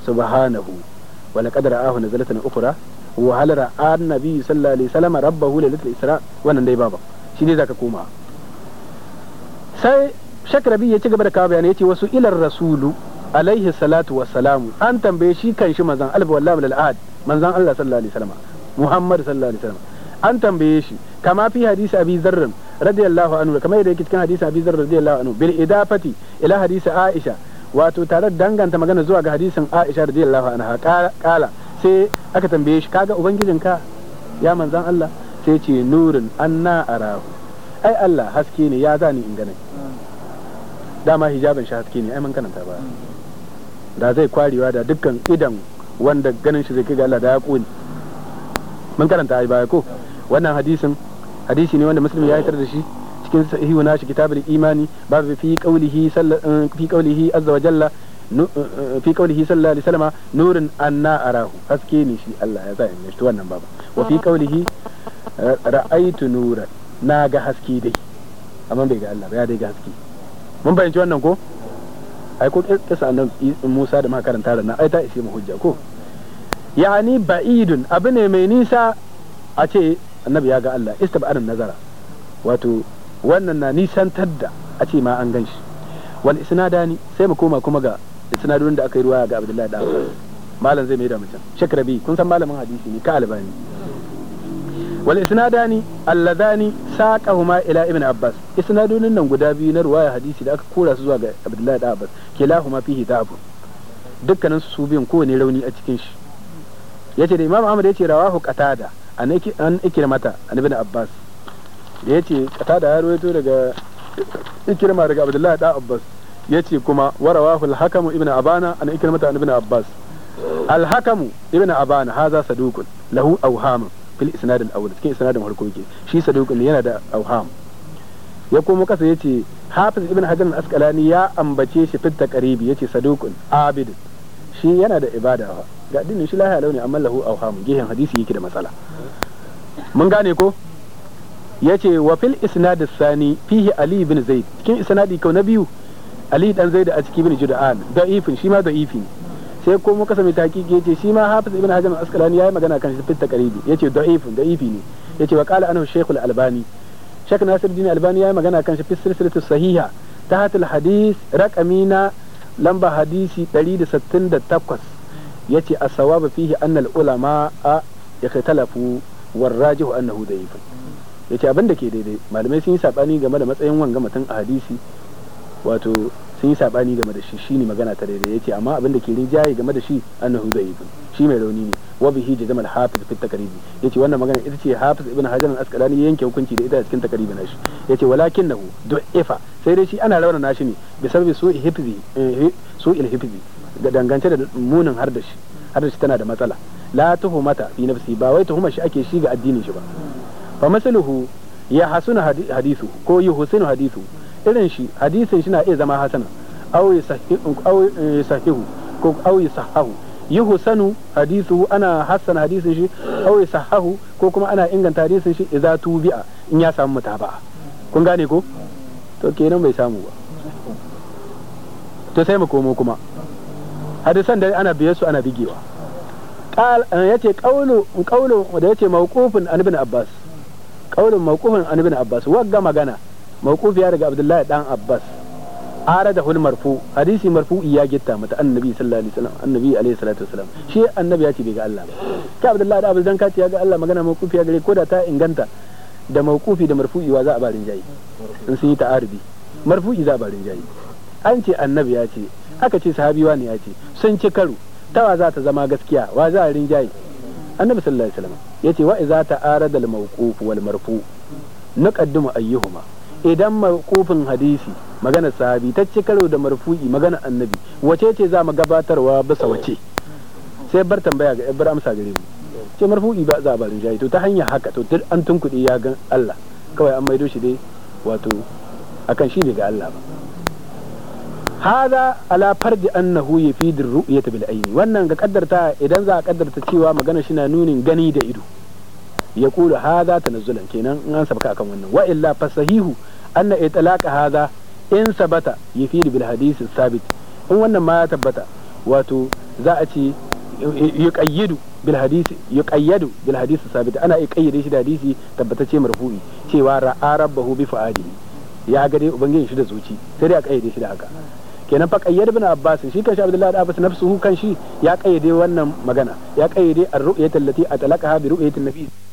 subhanahu wa laqad ra'ahu nazalatan ukhra wa hal ra'a annabi sallallahu alaihi wasallam rabbahu lailatul isra wannan dai baba shi ne zaka koma sai shakrabi ya ci gaba da kawo bayanai ya ce wasu ilar rasulu alaihi salatu salamu an tambaye shi kan shi manzan alba wallahi bil ahad manzan Allah sallallahu alaihi wasallam Muhammad sallallahu alaihi wasallam an tambaye shi kama fi hadisi abi zarr radiyallahu anhu kamar yadda yake cikin hadisi abi zarr radiyallahu anhu bil idafati ila hadisi aisha wato tare da danganta magana zuwa ga hadisin aisha radiyallahu anha kala sai aka tambaye shi kaga ubangijinka ya manzan Allah sai ce nurin anna arahu ai Allah haske ne ya zani in ganin hmm. dama hijabin shi haske ne ai mun kananta ba hmm. da zai kwarewa da dukkan idan wanda ganin shi zai kai ga Allah da ya kuni mun karanta ai baya ko wannan hadisin hadisi ne wanda musulmi ya hitar da shi cikin sahihu shi kitabul imani babu fi qaulihi eh, fi qaulihi azza wa jalla eh, eh, fi qaulihi sallallahu alaihi wasallam nurun anna arahu haske ne shi Allah ya sa in shi wannan babu wa fi qaulihi ra'aitu nuran na ga haske dai amma bai ga Allah ba ya dai ga haske mun bayyana wannan ko ai ko kisa annabi Musa da makaranta da na ai ta ishe mu hujja ko yani ba'idun abu ne mai nisa a ce annabi ya ga Allah istibarin nazara wato wannan na nisantar da a ce ma an ganshi shi wal isnadani sai mu koma kuma ga isnadun da aka yi ruwa ga Abdullahi da malam zai mai da mutum shakrabi kun san malamin hadisi ne ka albani wal isnadani alladhani saqahuma ila ibn abbas isnadonin nan guda biyu na ruwaya hadisi da aka kora su zuwa ga abdullahi da abbas kilahuma fihi dhabu dukkanin su biyun kowane rauni a cikin shi yace da imam ahmad yace rawahu qatada an ikirmata an ibn abbas yace qatada ya rawaito daga ikirma daga abdullahi da abbas yace kuma warawahu al-hakamu ibn abana an ikirmata an ibn abbas al ibn abana hadha saduqun lahu awhamun fil isnad al awwal cikin isnadin farko shi saduqun yana da awham ya komo kasa yace hafiz ibn hajar al asqalani ya ambace shi fit taqribi yace saduqun abid shi yana da ibada ga dinin shi lahiya launi amma lahu awham gihin hadisi yake da matsala mun gane ko yace wa fil isnad sani fihi ali ibn zaid cikin isnadi kau na biyu ali dan zaid a cikin ibn juda'an da'ifin shi ma da'ifi sai ko mu taki tahqiqi yace shi ma Hafiz ibn Hajar al-Asqalani yayi magana kan shi fit taqribi yace da'if da'ifi ne yace wa qala anhu Sheikh al-Albani nasir Nasiruddin Albani yayi magana kan shi fit silsilatu sahiha tahat al-hadith raqami na lamba hadisi 168 yace as-sawabu fihi anna al-ulama a yakhtalafu warrajihu annahu da'if yace abin da ke daidai malamai sun yi sabani game da matsayin wanga mutum a hadisi wato sun yi sabani game da shi shine magana ta daidai yace amma abin da ke rijaye game da shi annahu da'if shi mai rauni ne wa bihi jazama al-hafiz fi takribi yace wannan magana ita ce hafiz ibn hajar al-asqalani yanke hukunci da ita cikin takribi nashi yace walakinahu du'ifa sai dai shi ana rauna nashi ne bi sabbi su'i hifzi eh, su'il hifzi ga dangance da munin har da shi har da shi tana da matsala la tuhumata fi nafsi ba wai tuhuma shi ake shi ga addinin shi ba fa masaluhu ya hasuna hadithu ko yuhsinu hadithu irin shi hadisin shi na iya zama hasana aw sahihu ko aw sahahu sanu hadisu ana hasan hadisin shi aw sahahu ko kuma ana inganta hadisin shi idza tubi'a in ya samu mutaba'a kun gane ko to kenan bai samu ba to sai mu komo kuma hadisan da ana biye su ana bigewa eh, yace qawlu qawlu da yace mawqufun an ibn abbas qawlun mawqufun an ibn abbas wagga magana mawqufiya daga abdullahi dan abbas ara da hul marfu hadisi marfu ya gitta mata annabi sallallahu alaihi wasallam annabi alaihi salatu wasallam shi annabi ya ce bai ga Allah ba abdullahi da abdul dan ya ga Allah magana mawqufi ya gare ko da ta inganta da mawqufi da marfu'i wa za a barin jayi in sun yi ta'arubi marfu'i za a barin jayi an ce annabi ya ce aka ce sahabi wani ya ce sun ci karo tawa za ta zama gaskiya wa za a rinjaye annabi sallallahu alaihi wasallam yace wa idza ta'arada al-mawquf wal marfu naqaddimu ayyuhuma idan marfufin hadisi magana sahabi ta ce karo da marfu'i magana annabi wace ce za mu gabatarwa bisa wace sai bar tambaya ga bar amsa gare mu ce marfu'i ba za a barin jayi to ta hanyar haka to an tunkuɗe ya ga Allah kawai an maido shi dai wato akan shi ne ga Allah ba hada ala fardi annahu yafidir ru'yata bil ayni wannan ga kaddarta idan za a kaddarta cewa magana shi na nunin gani da ido ya kula hada tanazzulan kenan in an sabka akan wannan wa illa fasahihu anna itlaqa hadha in sabata yufid bil hadith sabit in wannan ma ya tabbata wato za a ce yuqayyidu bil hadith yuqayyadu bil hadith sabit ana iqayyade shi da hadisi tabbatacce marfu'i cewa ra'a rabbahu bi fa'adi ya ga dai ubangijin shi da zuci sai dai a kayyade shi da haka kenan fa qayyad ibn abbas shi kanshi abdullahi ibn abbas nafsuhu kanshi ya kayyade wannan magana ya kayyade a ruyata allati atalaqaha bi ru'yati an